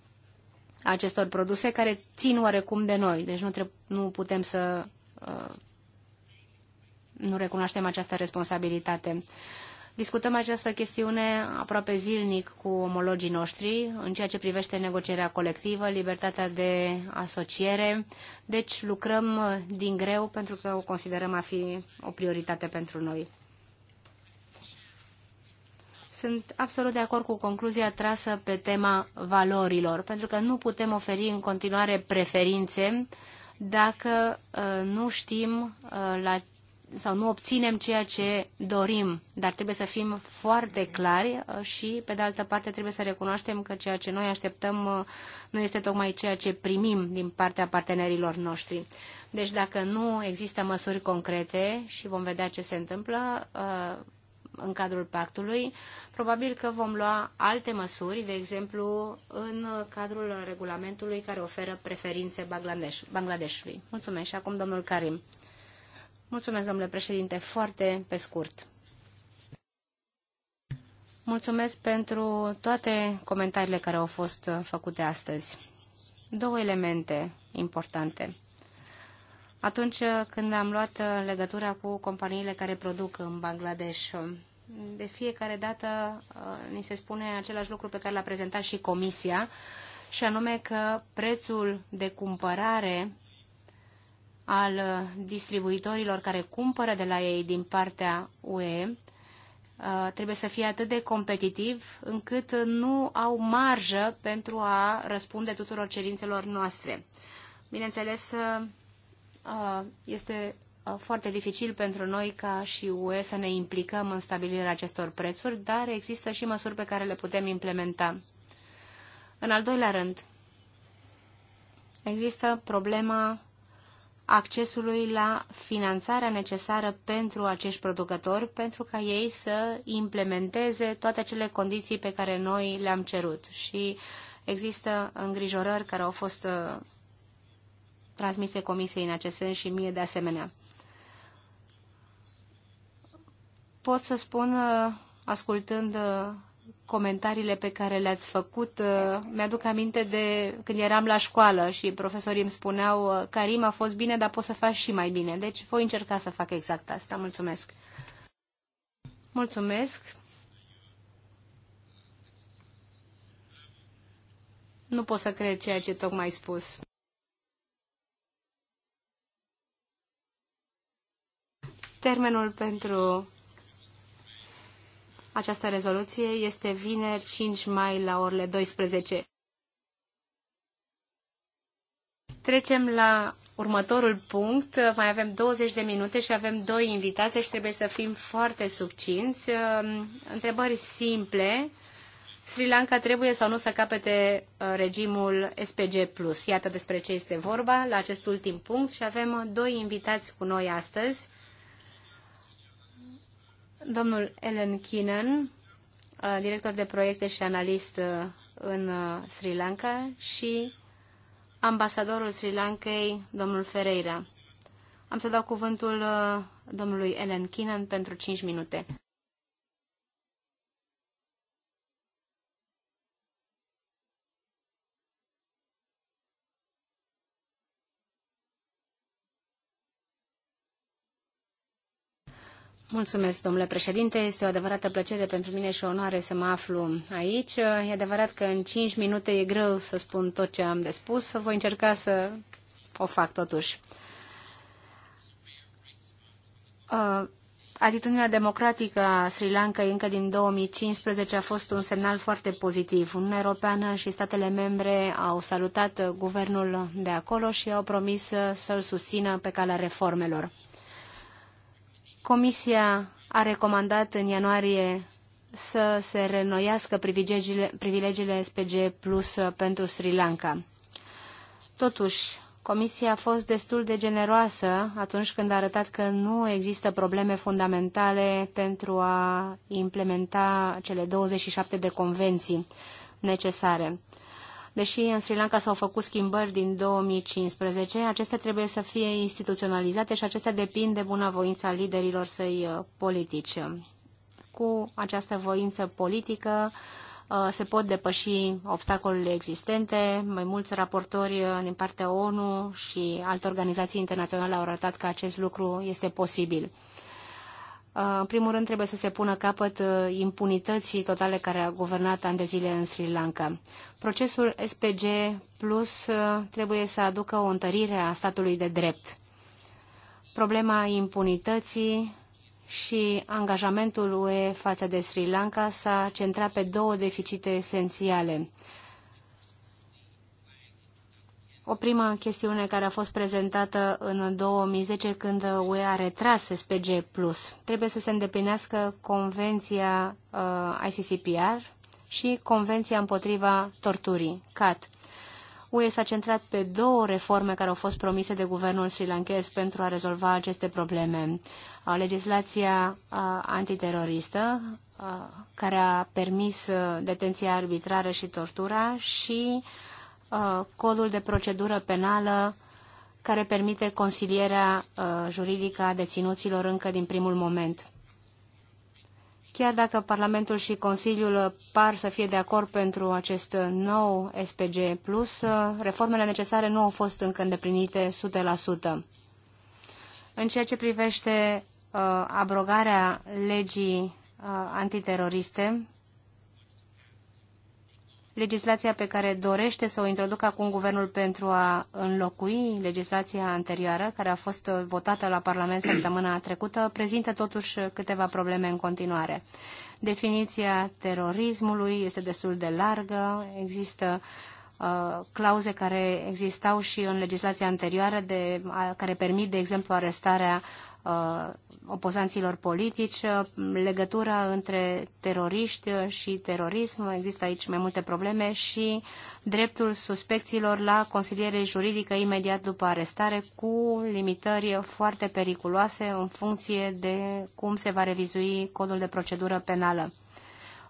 a acestor produse care țin oarecum de noi. Deci nu, trebuie, nu putem să nu recunoaștem această responsabilitate. Discutăm această chestiune aproape zilnic cu omologii noștri în ceea ce privește negocierea colectivă, libertatea de asociere. Deci lucrăm din greu pentru că o considerăm a fi o prioritate pentru noi. Sunt absolut de acord cu concluzia trasă pe tema valorilor, pentru că nu putem oferi în continuare preferințe dacă uh, nu știm uh, la sau nu obținem ceea ce dorim, dar trebuie să fim foarte clari uh, și, pe de altă parte, trebuie să recunoaștem că ceea ce noi așteptăm uh, nu este tocmai ceea ce primim din partea partenerilor noștri. Deci dacă nu există măsuri concrete și vom vedea ce se întâmplă uh, în cadrul pactului, probabil că vom lua alte măsuri, de exemplu, în cadrul regulamentului care oferă preferințe Bangladeshului. Mulțumesc și acum domnul Karim. Mulțumesc, domnule președinte, foarte pe scurt. Mulțumesc pentru toate comentariile care au fost făcute astăzi. Două elemente importante. Atunci când am luat legătura cu companiile care produc în Bangladesh, de fiecare dată uh, ni se spune același lucru pe care l-a prezentat și Comisia, și anume că prețul de cumpărare al uh, distribuitorilor care cumpără de la ei din partea UE uh, trebuie să fie atât de competitiv încât nu au marjă pentru a răspunde tuturor cerințelor noastre. Bineînțeles, uh, este foarte dificil pentru noi ca și UE să ne implicăm în stabilirea acestor prețuri, dar există și măsuri pe care le putem implementa. În al doilea rând, există problema accesului la finanțarea necesară pentru acești producători, pentru ca ei să implementeze toate acele condiții pe care noi le-am cerut. Și există îngrijorări care au fost uh, transmise comisiei în acest sens și mie de asemenea. Pot să spun, uh, ascultând uh, comentariile pe care le-ați făcut. Uh, mi-aduc aminte de când eram la școală și profesorii îmi spuneau uh, Karim a fost bine, dar poți să faci și mai bine. Deci voi încerca să fac exact asta. Mulțumesc! Mulțumesc! Nu pot să cred ceea ce tocmai spus. Termenul pentru această rezoluție este vineri 5 mai la orele 12. Trecem la următorul punct. Mai avem 20 de minute și avem doi invitați, și deci trebuie să fim foarte subcinți. Ehm, întrebări simple. Sri Lanka trebuie sau nu să capete uh, regimul SPG+. Iată despre ce este vorba la acest ultim punct și avem uh, doi invitați cu noi astăzi. Domnul Ellen Keenan, uh, director de proiecte și analist uh, în uh, Sri Lanka și ambasadorul Sri Lankei, domnul Ferreira. Am să dau cuvântul domnului Ellen Keenan pentru 5 minute. Mulțumesc, domnule președinte. Este o adevărată plăcere pentru mine și o onoare să mă aflu aici. E adevărat că în 5 minute e greu să spun tot ce am de spus. Voi încerca să o fac totuși. Uh, atitudinea democratică a Sri Lankai încă din 2015 a fost un semnal foarte pozitiv. Uniunea Europeană și statele membre au salutat guvernul de acolo și au promis să-l susțină pe calea reformelor. Comisia a recomandat în ianuarie să se reînnoiască privilegiile, privilegiile SPG Plus pentru Sri Lanka. Totuși, Comisia a fost destul de generoasă atunci când a arătat că nu există probleme fundamentale pentru a implementa cele 27 de convenții necesare. Deși în Sri Lanka s-au făcut schimbări din 2015, acestea trebuie să fie instituționalizate și acestea depind de bunăvoința liderilor săi uh, politici. Cu această voință politică uh, se pot depăși obstacolele existente. Mai mulți raportori uh, din partea ONU și alte organizații internaționale au arătat că acest lucru este posibil. Uh, în primul rând trebuie să se pună capăt uh, impunității totale care a guvernat ani de zile în Sri Lanka. Procesul SPG Plus uh, trebuie să aducă o întărire a statului de drept. Problema impunității și angajamentul UE față de Sri Lanka s-a centrat pe două deficite esențiale o prima chestiune care a fost prezentată în 2010 când UE a retras SPG+. Trebuie să se îndeplinească convenția uh, ICCPR și convenția împotriva torturii, CAT. UE s-a centrat pe două reforme care au fost promise de guvernul sri lankez pentru a rezolva aceste probleme. Uh, legislația uh, antiteroristă, uh, care a permis detenția arbitrară și tortura și uh, Uh, codul de procedură penală care permite consilierea uh, juridică a deținuților încă din primul moment. Chiar dacă Parlamentul și Consiliul par să fie de acord pentru acest nou SPG+, uh, reformele necesare nu au fost încă îndeplinite 100%. În ceea ce privește abrogarea legii antiteroriste, legislația pe care dorește să o introducă acum guvernul pentru a înlocui legislația anterioară, care a fost votată la Parlament săptămâna trecută, prezintă totuși câteva probleme în continuare. Definiția terorismului este destul de largă, există uh, clauze care existau și în legislația anterioară, de, a, care permit, de exemplu, arestarea uh, opozanților politici, uh, legătura între teroriști și terorism, există aici mai multe probleme și dreptul suspecților la consiliere juridică imediat după arestare cu limitări foarte periculoase în funcție de cum se va revizui codul de procedură penală.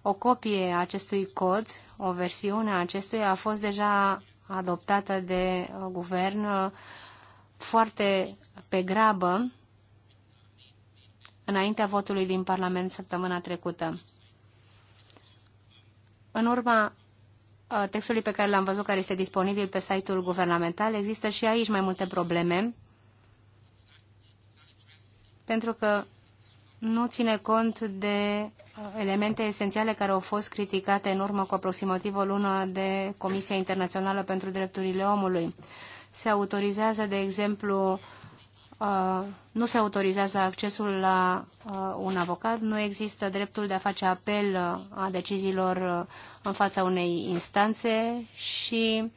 O copie a acestui cod, o versiune a acestuia a fost deja adoptată de guvern uh, foarte pe grabă înaintea votului din Parlament săptămâna trecută. În urma uh, textului pe care l-am văzut, care este disponibil pe site-ul guvernamental, există și aici mai multe probleme, pentru că nu ține cont de uh, elemente esențiale care au fost criticate în urmă cu aproximativ o lună de Comisia Internațională pentru Drepturile Omului. Se autorizează, de exemplu, Uh, nu se autorizează accesul la uh, un avocat, nu există dreptul de a face apel uh, a deciziilor uh, în fața unei instanțe și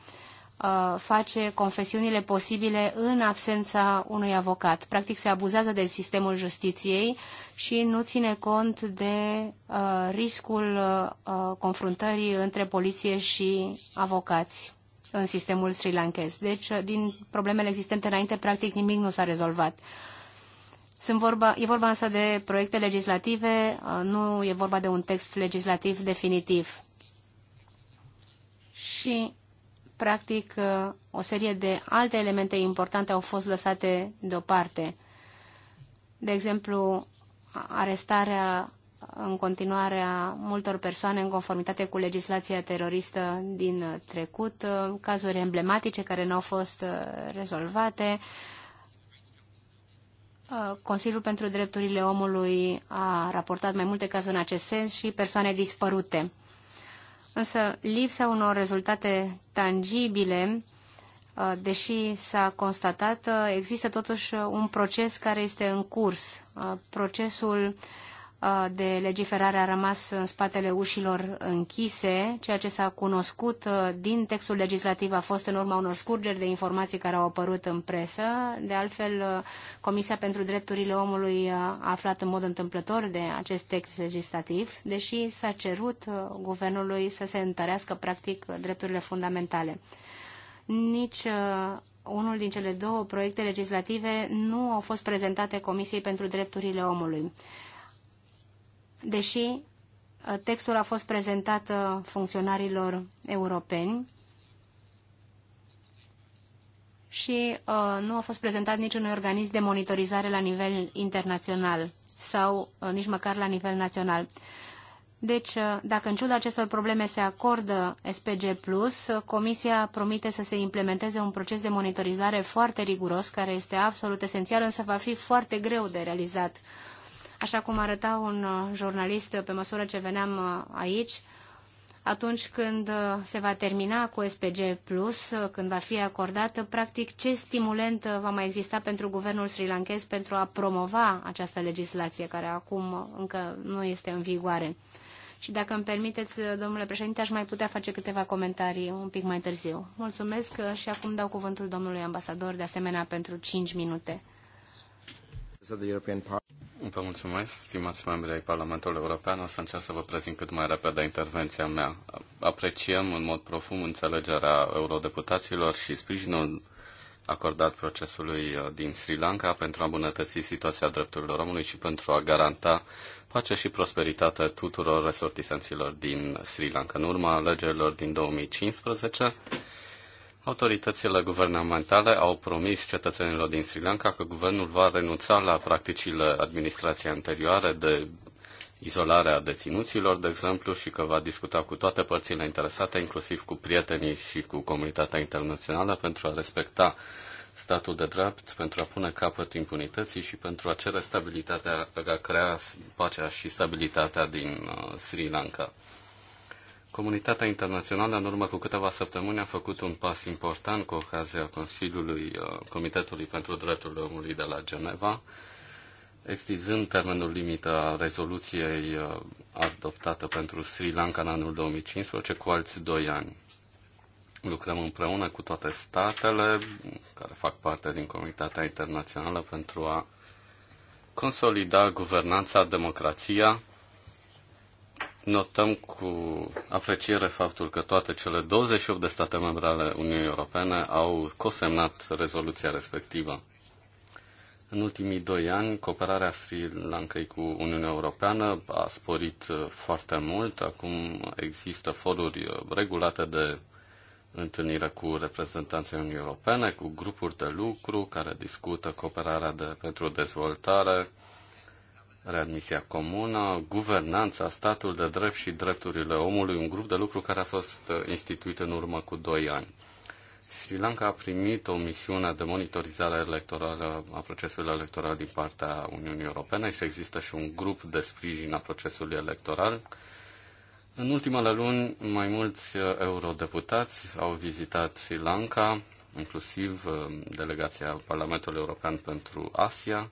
uh, face confesiunile posibile în absența unui avocat. Practic se abuzează de sistemul justiției și nu ține cont de uh, riscul uh, confruntării între poliție și avocați în sistemul sri lankez. Deci, uh, din problemele existente înainte, practic nimic nu s-a rezolvat. Sunt vorba, e vorba însă de proiecte legislative, uh, nu e vorba de un text legislativ definitiv. Și, practic, uh, o serie de alte elemente importante au fost lăsate deoparte. De exemplu, arestarea în continuare a multor persoane în conformitate cu legislația teroristă din trecut, uh, cazuri emblematice care nu au fost uh, rezolvate. Uh, Consiliul pentru Drepturile Omului a raportat mai multe cazuri în acest sens și persoane dispărute. Însă lipsa unor rezultate tangibile deși s-a constatat, există totuși un proces care este în curs. Procesul Uh, de legiferare a rămas în spatele ușilor închise. Ceea ce s-a cunoscut uh, din textul legislativ a fost în urma unor scurgeri de informații care au apărut în presă. De altfel, uh, Comisia pentru Drepturile Omului a aflat în mod întâmplător de acest text legislativ, deși s-a cerut guvernului să se întărească practic drepturile fundamentale. Nici unul din cele două proiecte legislative nu au fost prezentate Comisiei pentru Drepturile Omului deși uh, textul a fost prezentat uh, funcționarilor europeni și uh, nu a fost prezentat niciun organism de monitorizare la nivel internațional sau nici măcar la nivel național. Deci, dacă în ciuda acestor probleme se acordă SPG+, Comisia promite să se implementeze un proces de monitorizare foarte riguros, care este absolut esențial, însă va fi foarte greu de realizat așa cum arăta un uh, jurnalist uh, pe măsură ce veneam uh, aici, atunci când se va termina cu SPG+, Plus, când va fi acordată, practic ce stimulent va mai exista pentru guvernul sri lankez pentru a promova această legislație care acum încă nu este în vigoare. Și dacă îmi permiteți, domnule președinte, aș mai putea face câteva comentarii un pic mai târziu. Mulțumesc și acum dau cuvântul domnului ambasador, de asemenea, pentru 5 minute of the European Parliament. Vă mulțumesc, stimați membri ai Parlamentului European. O să încerc să vă prezint cât mai repede intervenția mea. Apreciem în mod profund înțelegerea eurodeputaților și sprijinul acordat procesului uh, din Sri Lanka pentru a îmbunătăți situația drepturilor omului și pentru a garanta pace și prosperitate tuturor resortisanților din Sri Lanka. În urma alegerilor din 2015, Autoritățile guvernamentale au promis cetățenilor din Sri Lanka că guvernul va renunța la practicile administrației anterioare de izolare a deținuților, de exemplu, și că va discuta cu toate părțile interesate, inclusiv cu prietenii și cu comunitatea internațională, pentru a respecta statul de drept, pentru a pune capăt impunității și pentru a cere stabilitatea, a crea pacea și stabilitatea din uh, Sri Lanka. Comunitatea internațională, în urmă cu câteva săptămâni, a făcut un pas important cu ocazia Consiliului uh, Comitetului pentru Drepturile Omului de la Geneva, extizând termenul limită a rezoluției uh, adoptată pentru Sri Lanka în anul 2015 cu alți doi ani. Lucrăm împreună cu toate statele care fac parte din comunitatea internațională pentru a consolida guvernanța, democrația Notăm cu apreciere faptul că toate cele 28 de state membre ale Uniunii Europene au cosemnat rezoluția respectivă. În ultimii doi ani, cooperarea Sri Lankei cu Uniunea Europeană a sporit uh, foarte mult. Acum există foruri uh, regulate de întâlnire cu reprezentanții Uniunii Europene, cu grupuri de lucru care discută cooperarea de, pentru dezvoltare, readmisia comună, guvernanța, statul de drept și drepturile omului, un grup de lucru care a fost uh, instituit în urmă cu doi ani. Sri Lanka a primit o misiune de monitorizare electorală a procesului electoral din partea Uniunii Europene și există și un grup de sprijin a procesului electoral. În ultimele luni, mai mulți uh, eurodeputați au vizitat Sri Lanka, inclusiv uh, delegația Parlamentului European pentru Asia,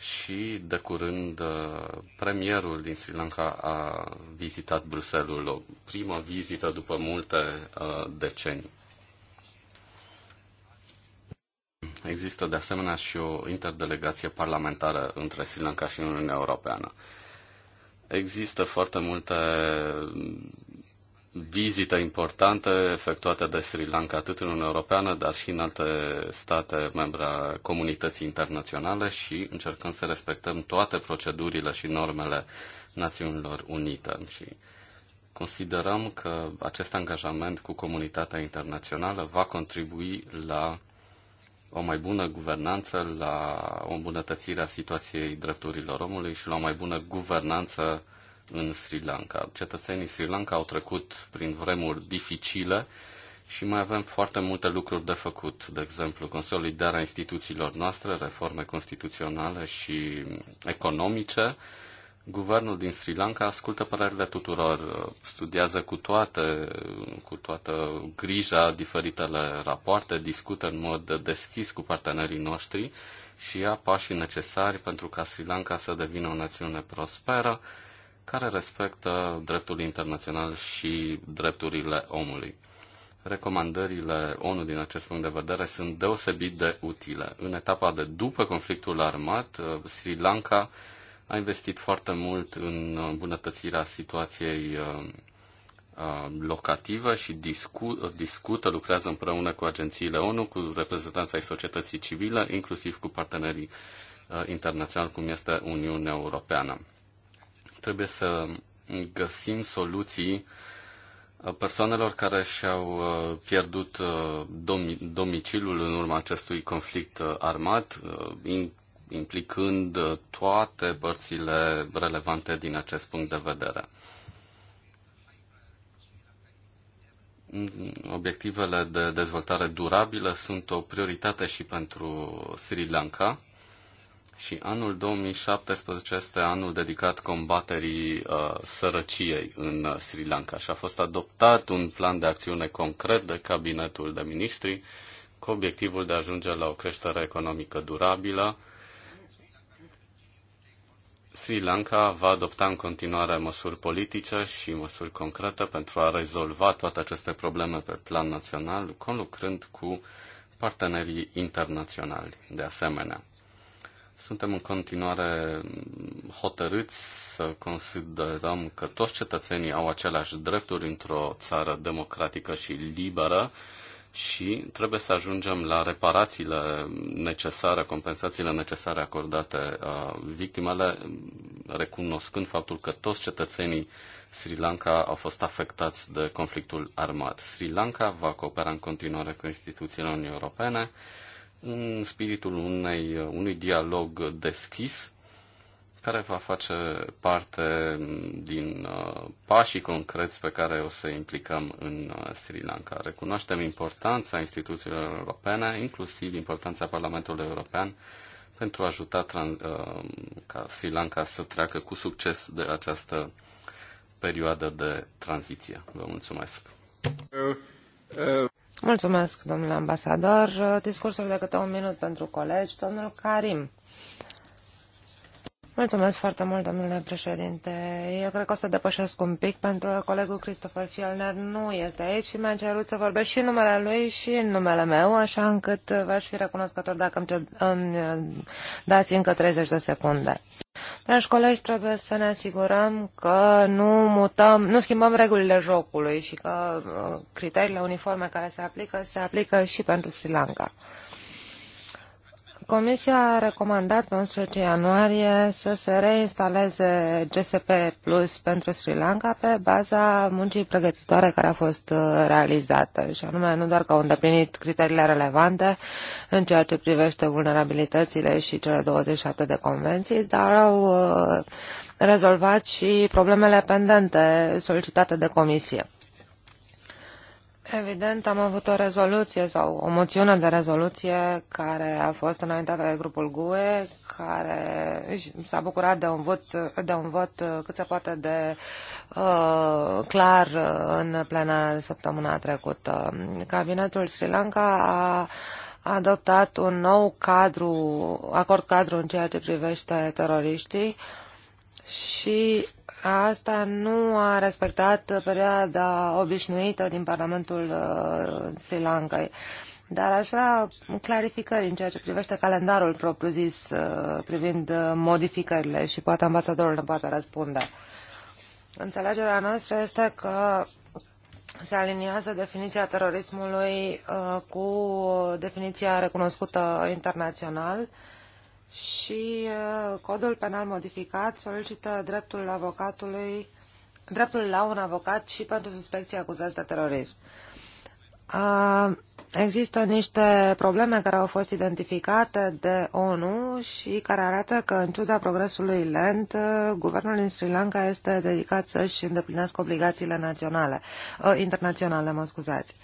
și de curând uh, premierul din Sri Lanka a vizitat Bruselul, o primă vizită după multe uh, decenii. Există de asemenea și o interdelegație parlamentară între Sri Lanka și Uniunea Europeană. Există foarte multe vizită importantă efectuată de Sri Lanka atât în Uniunea Europeană, dar și în alte state membre a comunității internaționale și încercăm să respectăm toate procedurile și normele Națiunilor Unite. Și considerăm că acest angajament cu comunitatea internațională va contribui la o mai bună guvernanță, la o îmbunătățire a situației drepturilor omului și la o mai bună guvernanță în Sri Lanka. Cetățenii Sri Lanka au trecut prin vremuri dificile și mai avem foarte multe lucruri de făcut, de exemplu, consolidarea instituțiilor noastre, reforme constituționale și economice. Guvernul din Sri Lanka ascultă părerile tuturor, studiază cu, toate, cu toată grija diferitele rapoarte, discută în mod deschis cu partenerii noștri și ia pașii necesari pentru ca Sri Lanka să devină o națiune prosperă care respectă dreptul internațional și drepturile omului. Recomandările ONU din acest punct de vedere sunt deosebit de utile. În etapa de după conflictul armat, uh, Sri Lanka a investit foarte mult în îmbunătățirea situației uh, uh, locativă și discu- discută, lucrează împreună cu agențiile ONU, cu reprezentanța ai societății civile, inclusiv cu partenerii internaționali, cum este Uniunea Europeană trebuie să găsim soluții uh, persoanelor care și-au uh, pierdut uh, domiciliul în urma acestui conflict armat, implicând toate părțile relevante din acest punct de vedere. Mm, obiectivele de dezvoltare durabilă sunt o prioritate și pentru Sri Lanka și anul 2017 este anul dedicat combaterii uh, sărăciei în uh, Sri Lanka și a fost adoptat un plan de acțiune concret de cabinetul de ministri cu obiectivul de a ajunge la o creștere economică durabilă. Sri Lanka va adopta în continuare măsuri politice și măsuri concrete pentru a rezolva toate aceste probleme pe plan național, conlucrând cu partenerii internaționali de asemenea. Suntem în continuare hotărâți să considerăm că toți cetățenii au aceleași drepturi într-o țară democratică și liberă și trebuie să ajungem la reparațiile necesare, compensațiile necesare acordate a uh, victimele, recunoscând faptul că toți cetățenii Sri Lanka au fost afectați de conflictul armat. Sri Lanka va coopera în continuare cu instituțiile Uniunii Europene în spiritul unei, unui dialog deschis care va face parte din uh, pașii concreți pe care o să implicăm în uh, Sri Lanka. Recunoaștem importanța instituțiilor europene, inclusiv importanța Parlamentului European, pentru a ajuta uh, ca Sri Lanka să treacă cu succes de această perioadă de tranziție. Vă mulțumesc! Mulțumesc, domnule ambasador. Discursul de câte un minut pentru colegi. Domnul Karim. Mulțumesc foarte mult, domnule președinte. Eu cred că o să depășesc un pic, pentru că colegul Christopher Fielner nu este aici și mi-a cerut să vorbesc și în numele lui și în numele meu, așa încât v-aș fi recunoscător dacă îmi, îmi uh, dați încă 30 de secunde. Dragi colegi, trebuie să ne asigurăm că nu mutăm, nu schimbăm regulile jocului și că uh, criteriile uniforme care se aplică, se aplică și pentru Sri Lanka. Comisia a recomandat pe 11 ianuarie să se reinstaleze GSP Plus pentru Sri Lanka pe baza muncii pregătitoare care a fost uh, realizată și anume nu doar că au îndeplinit criteriile relevante în ceea ce privește vulnerabilitățile și cele 27 de convenții, dar au uh, rezolvat și problemele pendente solicitate de Comisie. Evident, am avut o rezoluție sau o moțiune de rezoluție care a fost înaintată de grupul GUE, care s-a bucurat de un vot, de un vot cât se poate de uh, clar în plenara de săptămâna trecută. Cabinetul Sri Lanka a adoptat un nou cadru, acord cadru în ceea ce privește teroriștii și Asta nu a respectat perioada obișnuită din Parlamentul uh, Sri Lankai. Dar aș vrea clarificări în ceea ce privește calendarul propriu-zis uh, privind uh, modificările și poate ambasadorul ne poate răspunde. Înțelegerea noastră este că se aliniază definiția terorismului cu definiția recunoscută internațional uh, și uh, codul penal modificat solicită dreptul avocatului dreptul la un avocat și pentru suspecții acuzați de terorism. Uh, există niște probleme care au fost identificate de ONU și care arată că, în ciuda progresului lent, uh, guvernul din Sri Lanka este dedicat să-și îndeplinească obligațiile naționale, internaționale. Mă scuzați.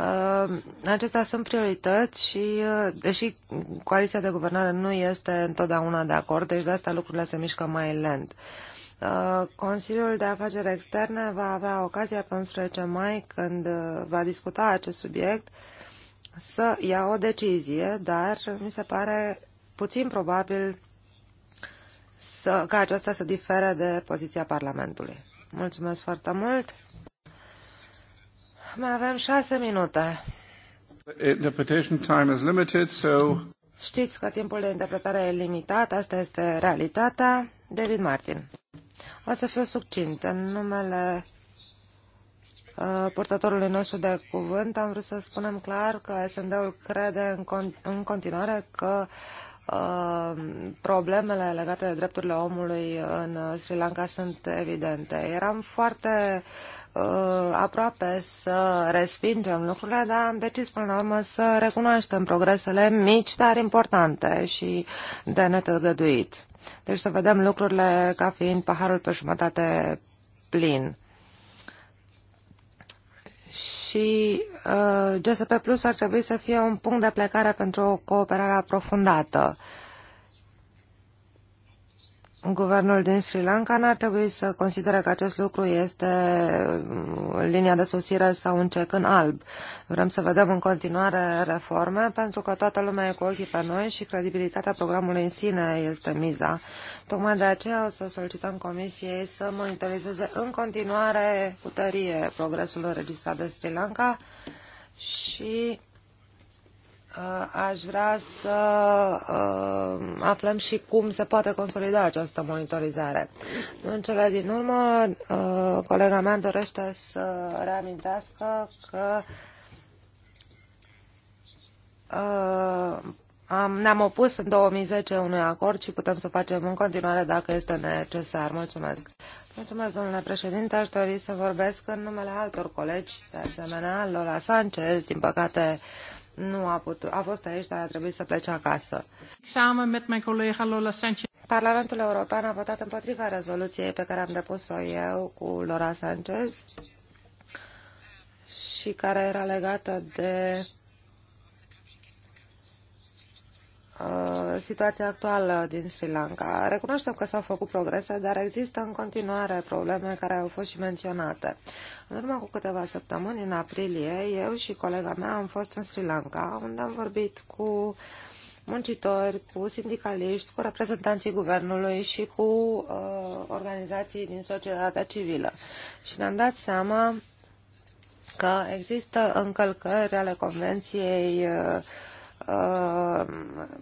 Uh, acestea sunt priorități și, uh, deși coaliția de guvernare nu este întotdeauna de acord, deci de asta lucrurile se mișcă mai lent. Uh, Consiliul de Afaceri Externe va avea ocazia pe 11 mai, când va discuta acest subiect, să ia o decizie, dar mi se pare puțin probabil să, ca aceasta să difere de poziția Parlamentului. Mulțumesc foarte mult! Mai avem șase minute. Interpretation time is limited, so... Știți că timpul de interpretare e limitat, asta este realitatea. David Martin. O să fiu succint. În numele uh, portatorului nostru de cuvânt, am vrut să spunem clar că SND-ul crede în, con- în continuare că uh, problemele legate de drepturile omului în uh, Sri Lanka sunt evidente. Eram foarte uh, Uh, aproape să respingem lucrurile, dar am decis până la urmă să recunoaștem progresele mici, dar importante și de netăgăduit. Deci să vedem lucrurile ca fiind paharul pe jumătate plin. Și uh, GSP Plus ar trebui să fie un punct de plecare pentru o cooperare aprofundată. Uh, Guvernul din Sri Lanka n-ar trebui să considere că acest lucru este mm, linia de sosire sau un cec în alb. Vrem să vedem în continuare reforme pentru că toată lumea e cu ochii pe noi și credibilitatea programului în sine este miza. Tocmai de aceea o să solicităm Comisiei să monitorizeze în continuare cu tărie progresul înregistrat de Sri Lanka și Uh, aș vrea să uh, aflăm și cum se poate consolida această monitorizare. În cele din urmă, uh, colega mea dorește să reamintească că am, ne-am opus în 2010 unui acord și putem să facem în continuare dacă este necesar. Mulțumesc. Mulțumesc, domnule președinte. Aș dori să vorbesc în numele altor colegi, de asemenea, Lola Sanchez, din păcate nu a, putut, a fost aici, dar a trebuit să plece acasă. Parlamentul European a votat împotriva rezoluției pe care am depus-o eu cu Laura Sanchez și care era legată de Uh, situația actuală din Sri Lanka. Recunoaștem că s-au făcut progrese, dar există în continuare probleme care au fost și menționate. În urmă cu câteva săptămâni, în aprilie, eu și colega mea am fost în Sri Lanka, unde am vorbit cu muncitori, cu sindicaliști, cu reprezentanții guvernului și cu uh, organizații din societatea civilă. Și ne-am dat seama că există încălcări ale Convenției uh, Uh,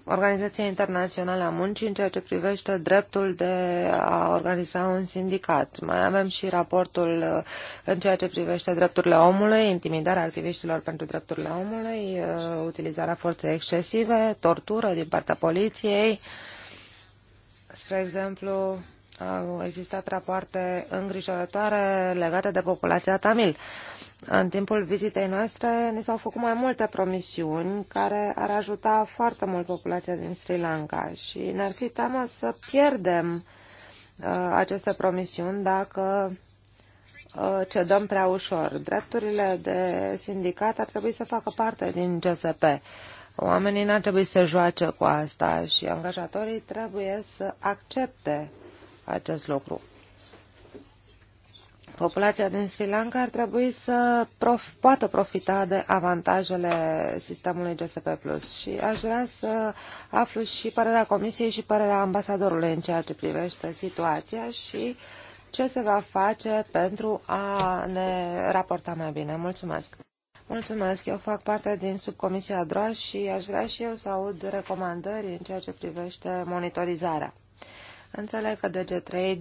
Organizația Internațională a Muncii în ceea ce privește dreptul de a organiza un sindicat. Mai avem și raportul uh, în ceea ce privește drepturile omului, intimidarea activiștilor pentru drepturile omului, uh, utilizarea forței excesive, tortură din partea poliției. Spre exemplu, au existat rapoarte îngrijorătoare legate de populația tamil. În timpul vizitei noastre ni s-au făcut mai multe promisiuni care ar ajuta foarte mult populația din Sri Lanka și ne-ar fi teamă să pierdem uh, aceste promisiuni dacă uh, cedăm prea ușor. Drepturile de sindicat ar trebui să facă parte din GSP. Oamenii n-ar trebui să joace cu asta și angajatorii trebuie să accepte acest lucru. Populația din Sri Lanka ar trebui să prof, poată profita de avantajele sistemului GSP+. Plus și aș vrea să aflu și părerea Comisiei și părerea ambasadorului în ceea ce privește situația și ce se va face pentru a ne raporta mai bine. Mulțumesc! Mulțumesc! Eu fac parte din subcomisia DROA și aș vrea și eu să aud recomandări în ceea ce privește monitorizarea. Înțeleg că DG Trade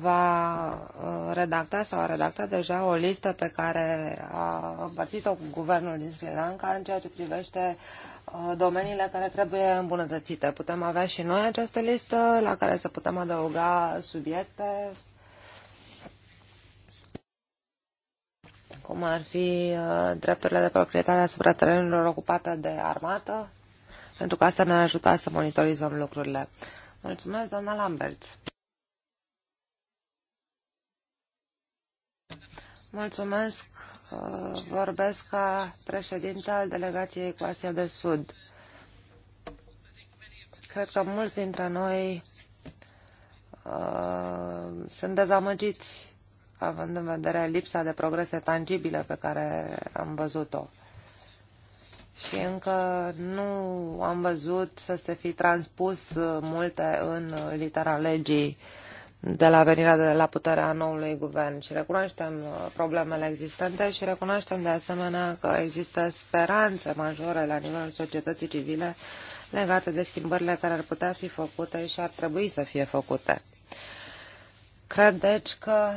va uh, redacta sau a redactat deja o listă pe care a împărțit-o cu guvernul din Sri Lanka în ceea ce privește uh, domeniile care trebuie îmbunătățite. Putem avea și noi această listă la care să putem adăuga subiecte cum ar fi uh, drepturile de proprietate asupra terenurilor ocupate de armată, pentru că asta ne ajută să monitorizăm lucrurile. Mulțumesc, doamna Lambert. Mulțumesc. Uh, vorbesc ca președinte al delegației cu Asia de Sud. Cred că mulți dintre noi uh, sunt dezamăgiți având în vedere lipsa de progrese tangibile pe care am văzut-o și încă nu am văzut să se fi transpus uh, multe în uh, litera legii de la venirea de la puterea noului guvern și recunoaștem uh, problemele existente și recunoaștem de asemenea că există speranțe majore la nivelul societății civile legate de schimbările care ar putea fi făcute și ar trebui să fie făcute. Cred deci că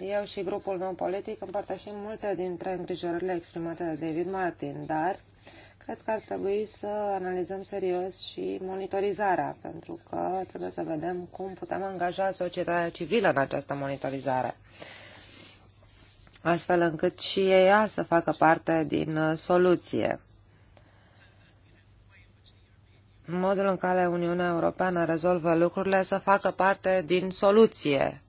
eu și grupul meu politic împărtășim multe dintre îngrijorările exprimate de David Martin, dar cred că ar trebui să analizăm serios și monitorizarea, pentru că trebuie să vedem cum putem angaja societatea civilă în această monitorizare, astfel încât și ea să facă parte din uh, soluție. Modul în care Uniunea Europeană rezolvă lucrurile să facă parte din soluție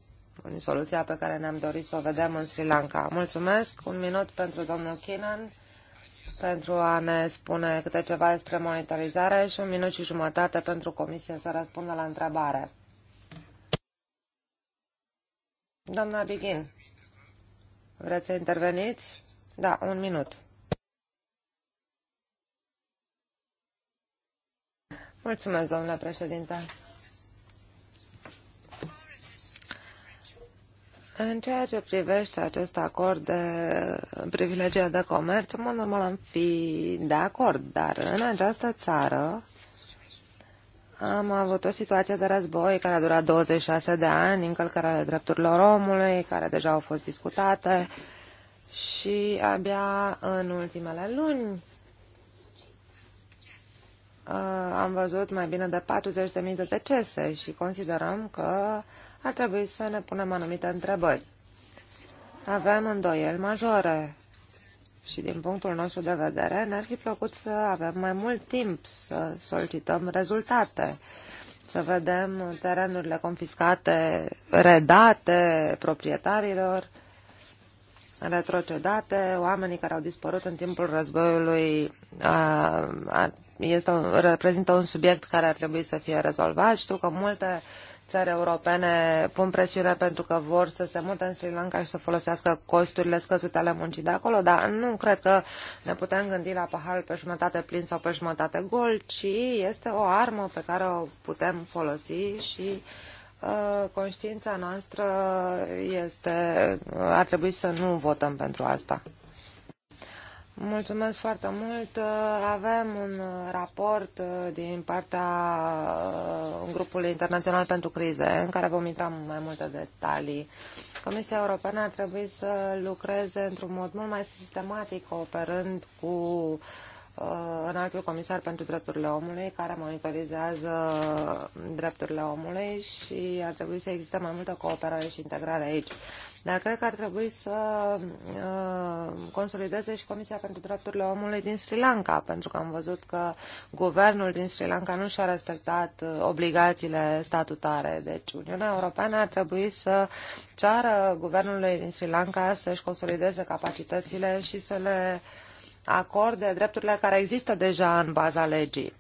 în soluția pe care ne-am dorit să o vedem în Sri Lanka. Mulțumesc. Un minut pentru domnul Kinan pentru a ne spune câte ceva despre monitorizare și un minut și jumătate pentru comisie să răspundă la întrebare. Doamna Bighin, vreți să interveniți? Da, un minut. Mulțumesc, domnule președinte. În ceea ce privește acest acord de privilegie de comerț, mă normal am fi de acord, dar în această țară am avut o situație de război care a durat 26 de ani, încălcarea ale drepturilor omului, care deja au fost discutate și abia în ultimele luni uh, am văzut mai bine de 40.000 de decese și considerăm că ar trebui să ne punem anumite întrebări. Avem îndoieli majore și din punctul nostru de vedere ne-ar fi plăcut să avem mai mult timp să solicităm rezultate, să vedem terenurile confiscate, redate proprietarilor, retrocedate, oamenii care au dispărut în timpul războiului a, a, este, reprezintă un subiect care ar trebui să fie rezolvat. Știu că multe țări europene pun presiune pentru că vor să se mute în Sri Lanka și să folosească costurile scăzute ale muncii de acolo, dar nu cred că ne putem gândi la paharul pe jumătate plin sau pe jumătate gol, ci este o armă pe care o putem folosi și uh, conștiința noastră este, ar trebui să nu votăm pentru asta. Mulțumesc foarte mult. Avem un raport uh, din partea uh, grupului internațional pentru crize în care vom intra în mai multe detalii. Comisia Europeană ar trebui să lucreze într-un mod mult mai sistematic, cooperând cu uh, înaltul comisar pentru drepturile omului, care monitorizează drepturile omului și ar trebui să existe mai multă cooperare și integrare aici. Dar cred că ar trebui să uh, consolideze și Comisia pentru Drepturile Omului din Sri Lanka, pentru că am văzut că guvernul din Sri Lanka nu și-a respectat uh, obligațiile statutare. Deci Uniunea Europeană ar trebui să ceară guvernului din Sri Lanka să-și consolideze capacitățile și să le acorde drepturile care există deja în baza legii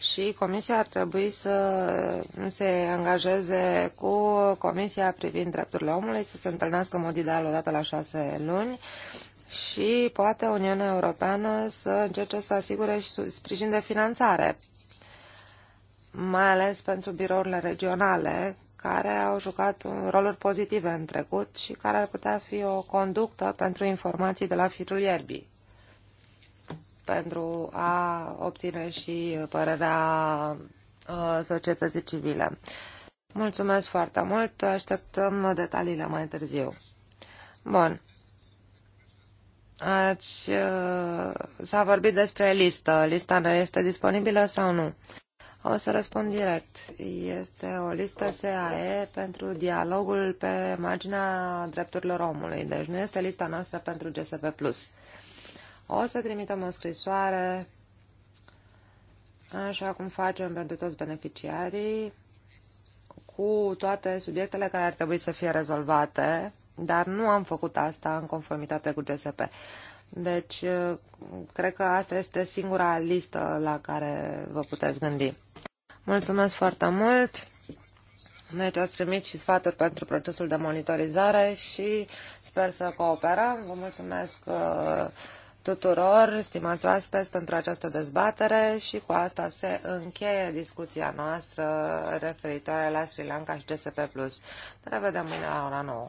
și Comisia ar trebui să se angajeze cu Comisia privind drepturile omului, să se întâlnească în mod ideal odată la șase luni și poate Uniunea Europeană să încerce să asigure și sprijin de finanțare, mai ales pentru birourile regionale, care au jucat roluri pozitive în trecut și care ar putea fi o conductă pentru informații de la firul ierbii pentru a obține și părerea uh, societății civile. Mulțumesc foarte mult, așteptăm detaliile mai târziu. Bun. Ați, uh, s-a vorbit despre listă. Lista ne este disponibilă sau nu? O să răspund direct. Este o listă SAE pentru dialogul pe marginea drepturilor omului, deci nu este lista noastră pentru GSP+. O să trimitem o scrisoare, așa cum facem pentru toți beneficiarii, cu toate subiectele care ar trebui să fie rezolvate, dar nu am făcut asta în conformitate cu GSP. Deci, cred că asta este singura listă la care vă puteți gândi. Mulțumesc foarte mult! Deci ați primit și sfaturi pentru procesul de monitorizare și sper să cooperăm. Vă mulțumesc uh, tuturor, stimați oaspeți, pentru această dezbatere și cu asta se încheie discuția noastră referitoare la Sri Lanka și GSP+. Ne revedem mâine la ora 9.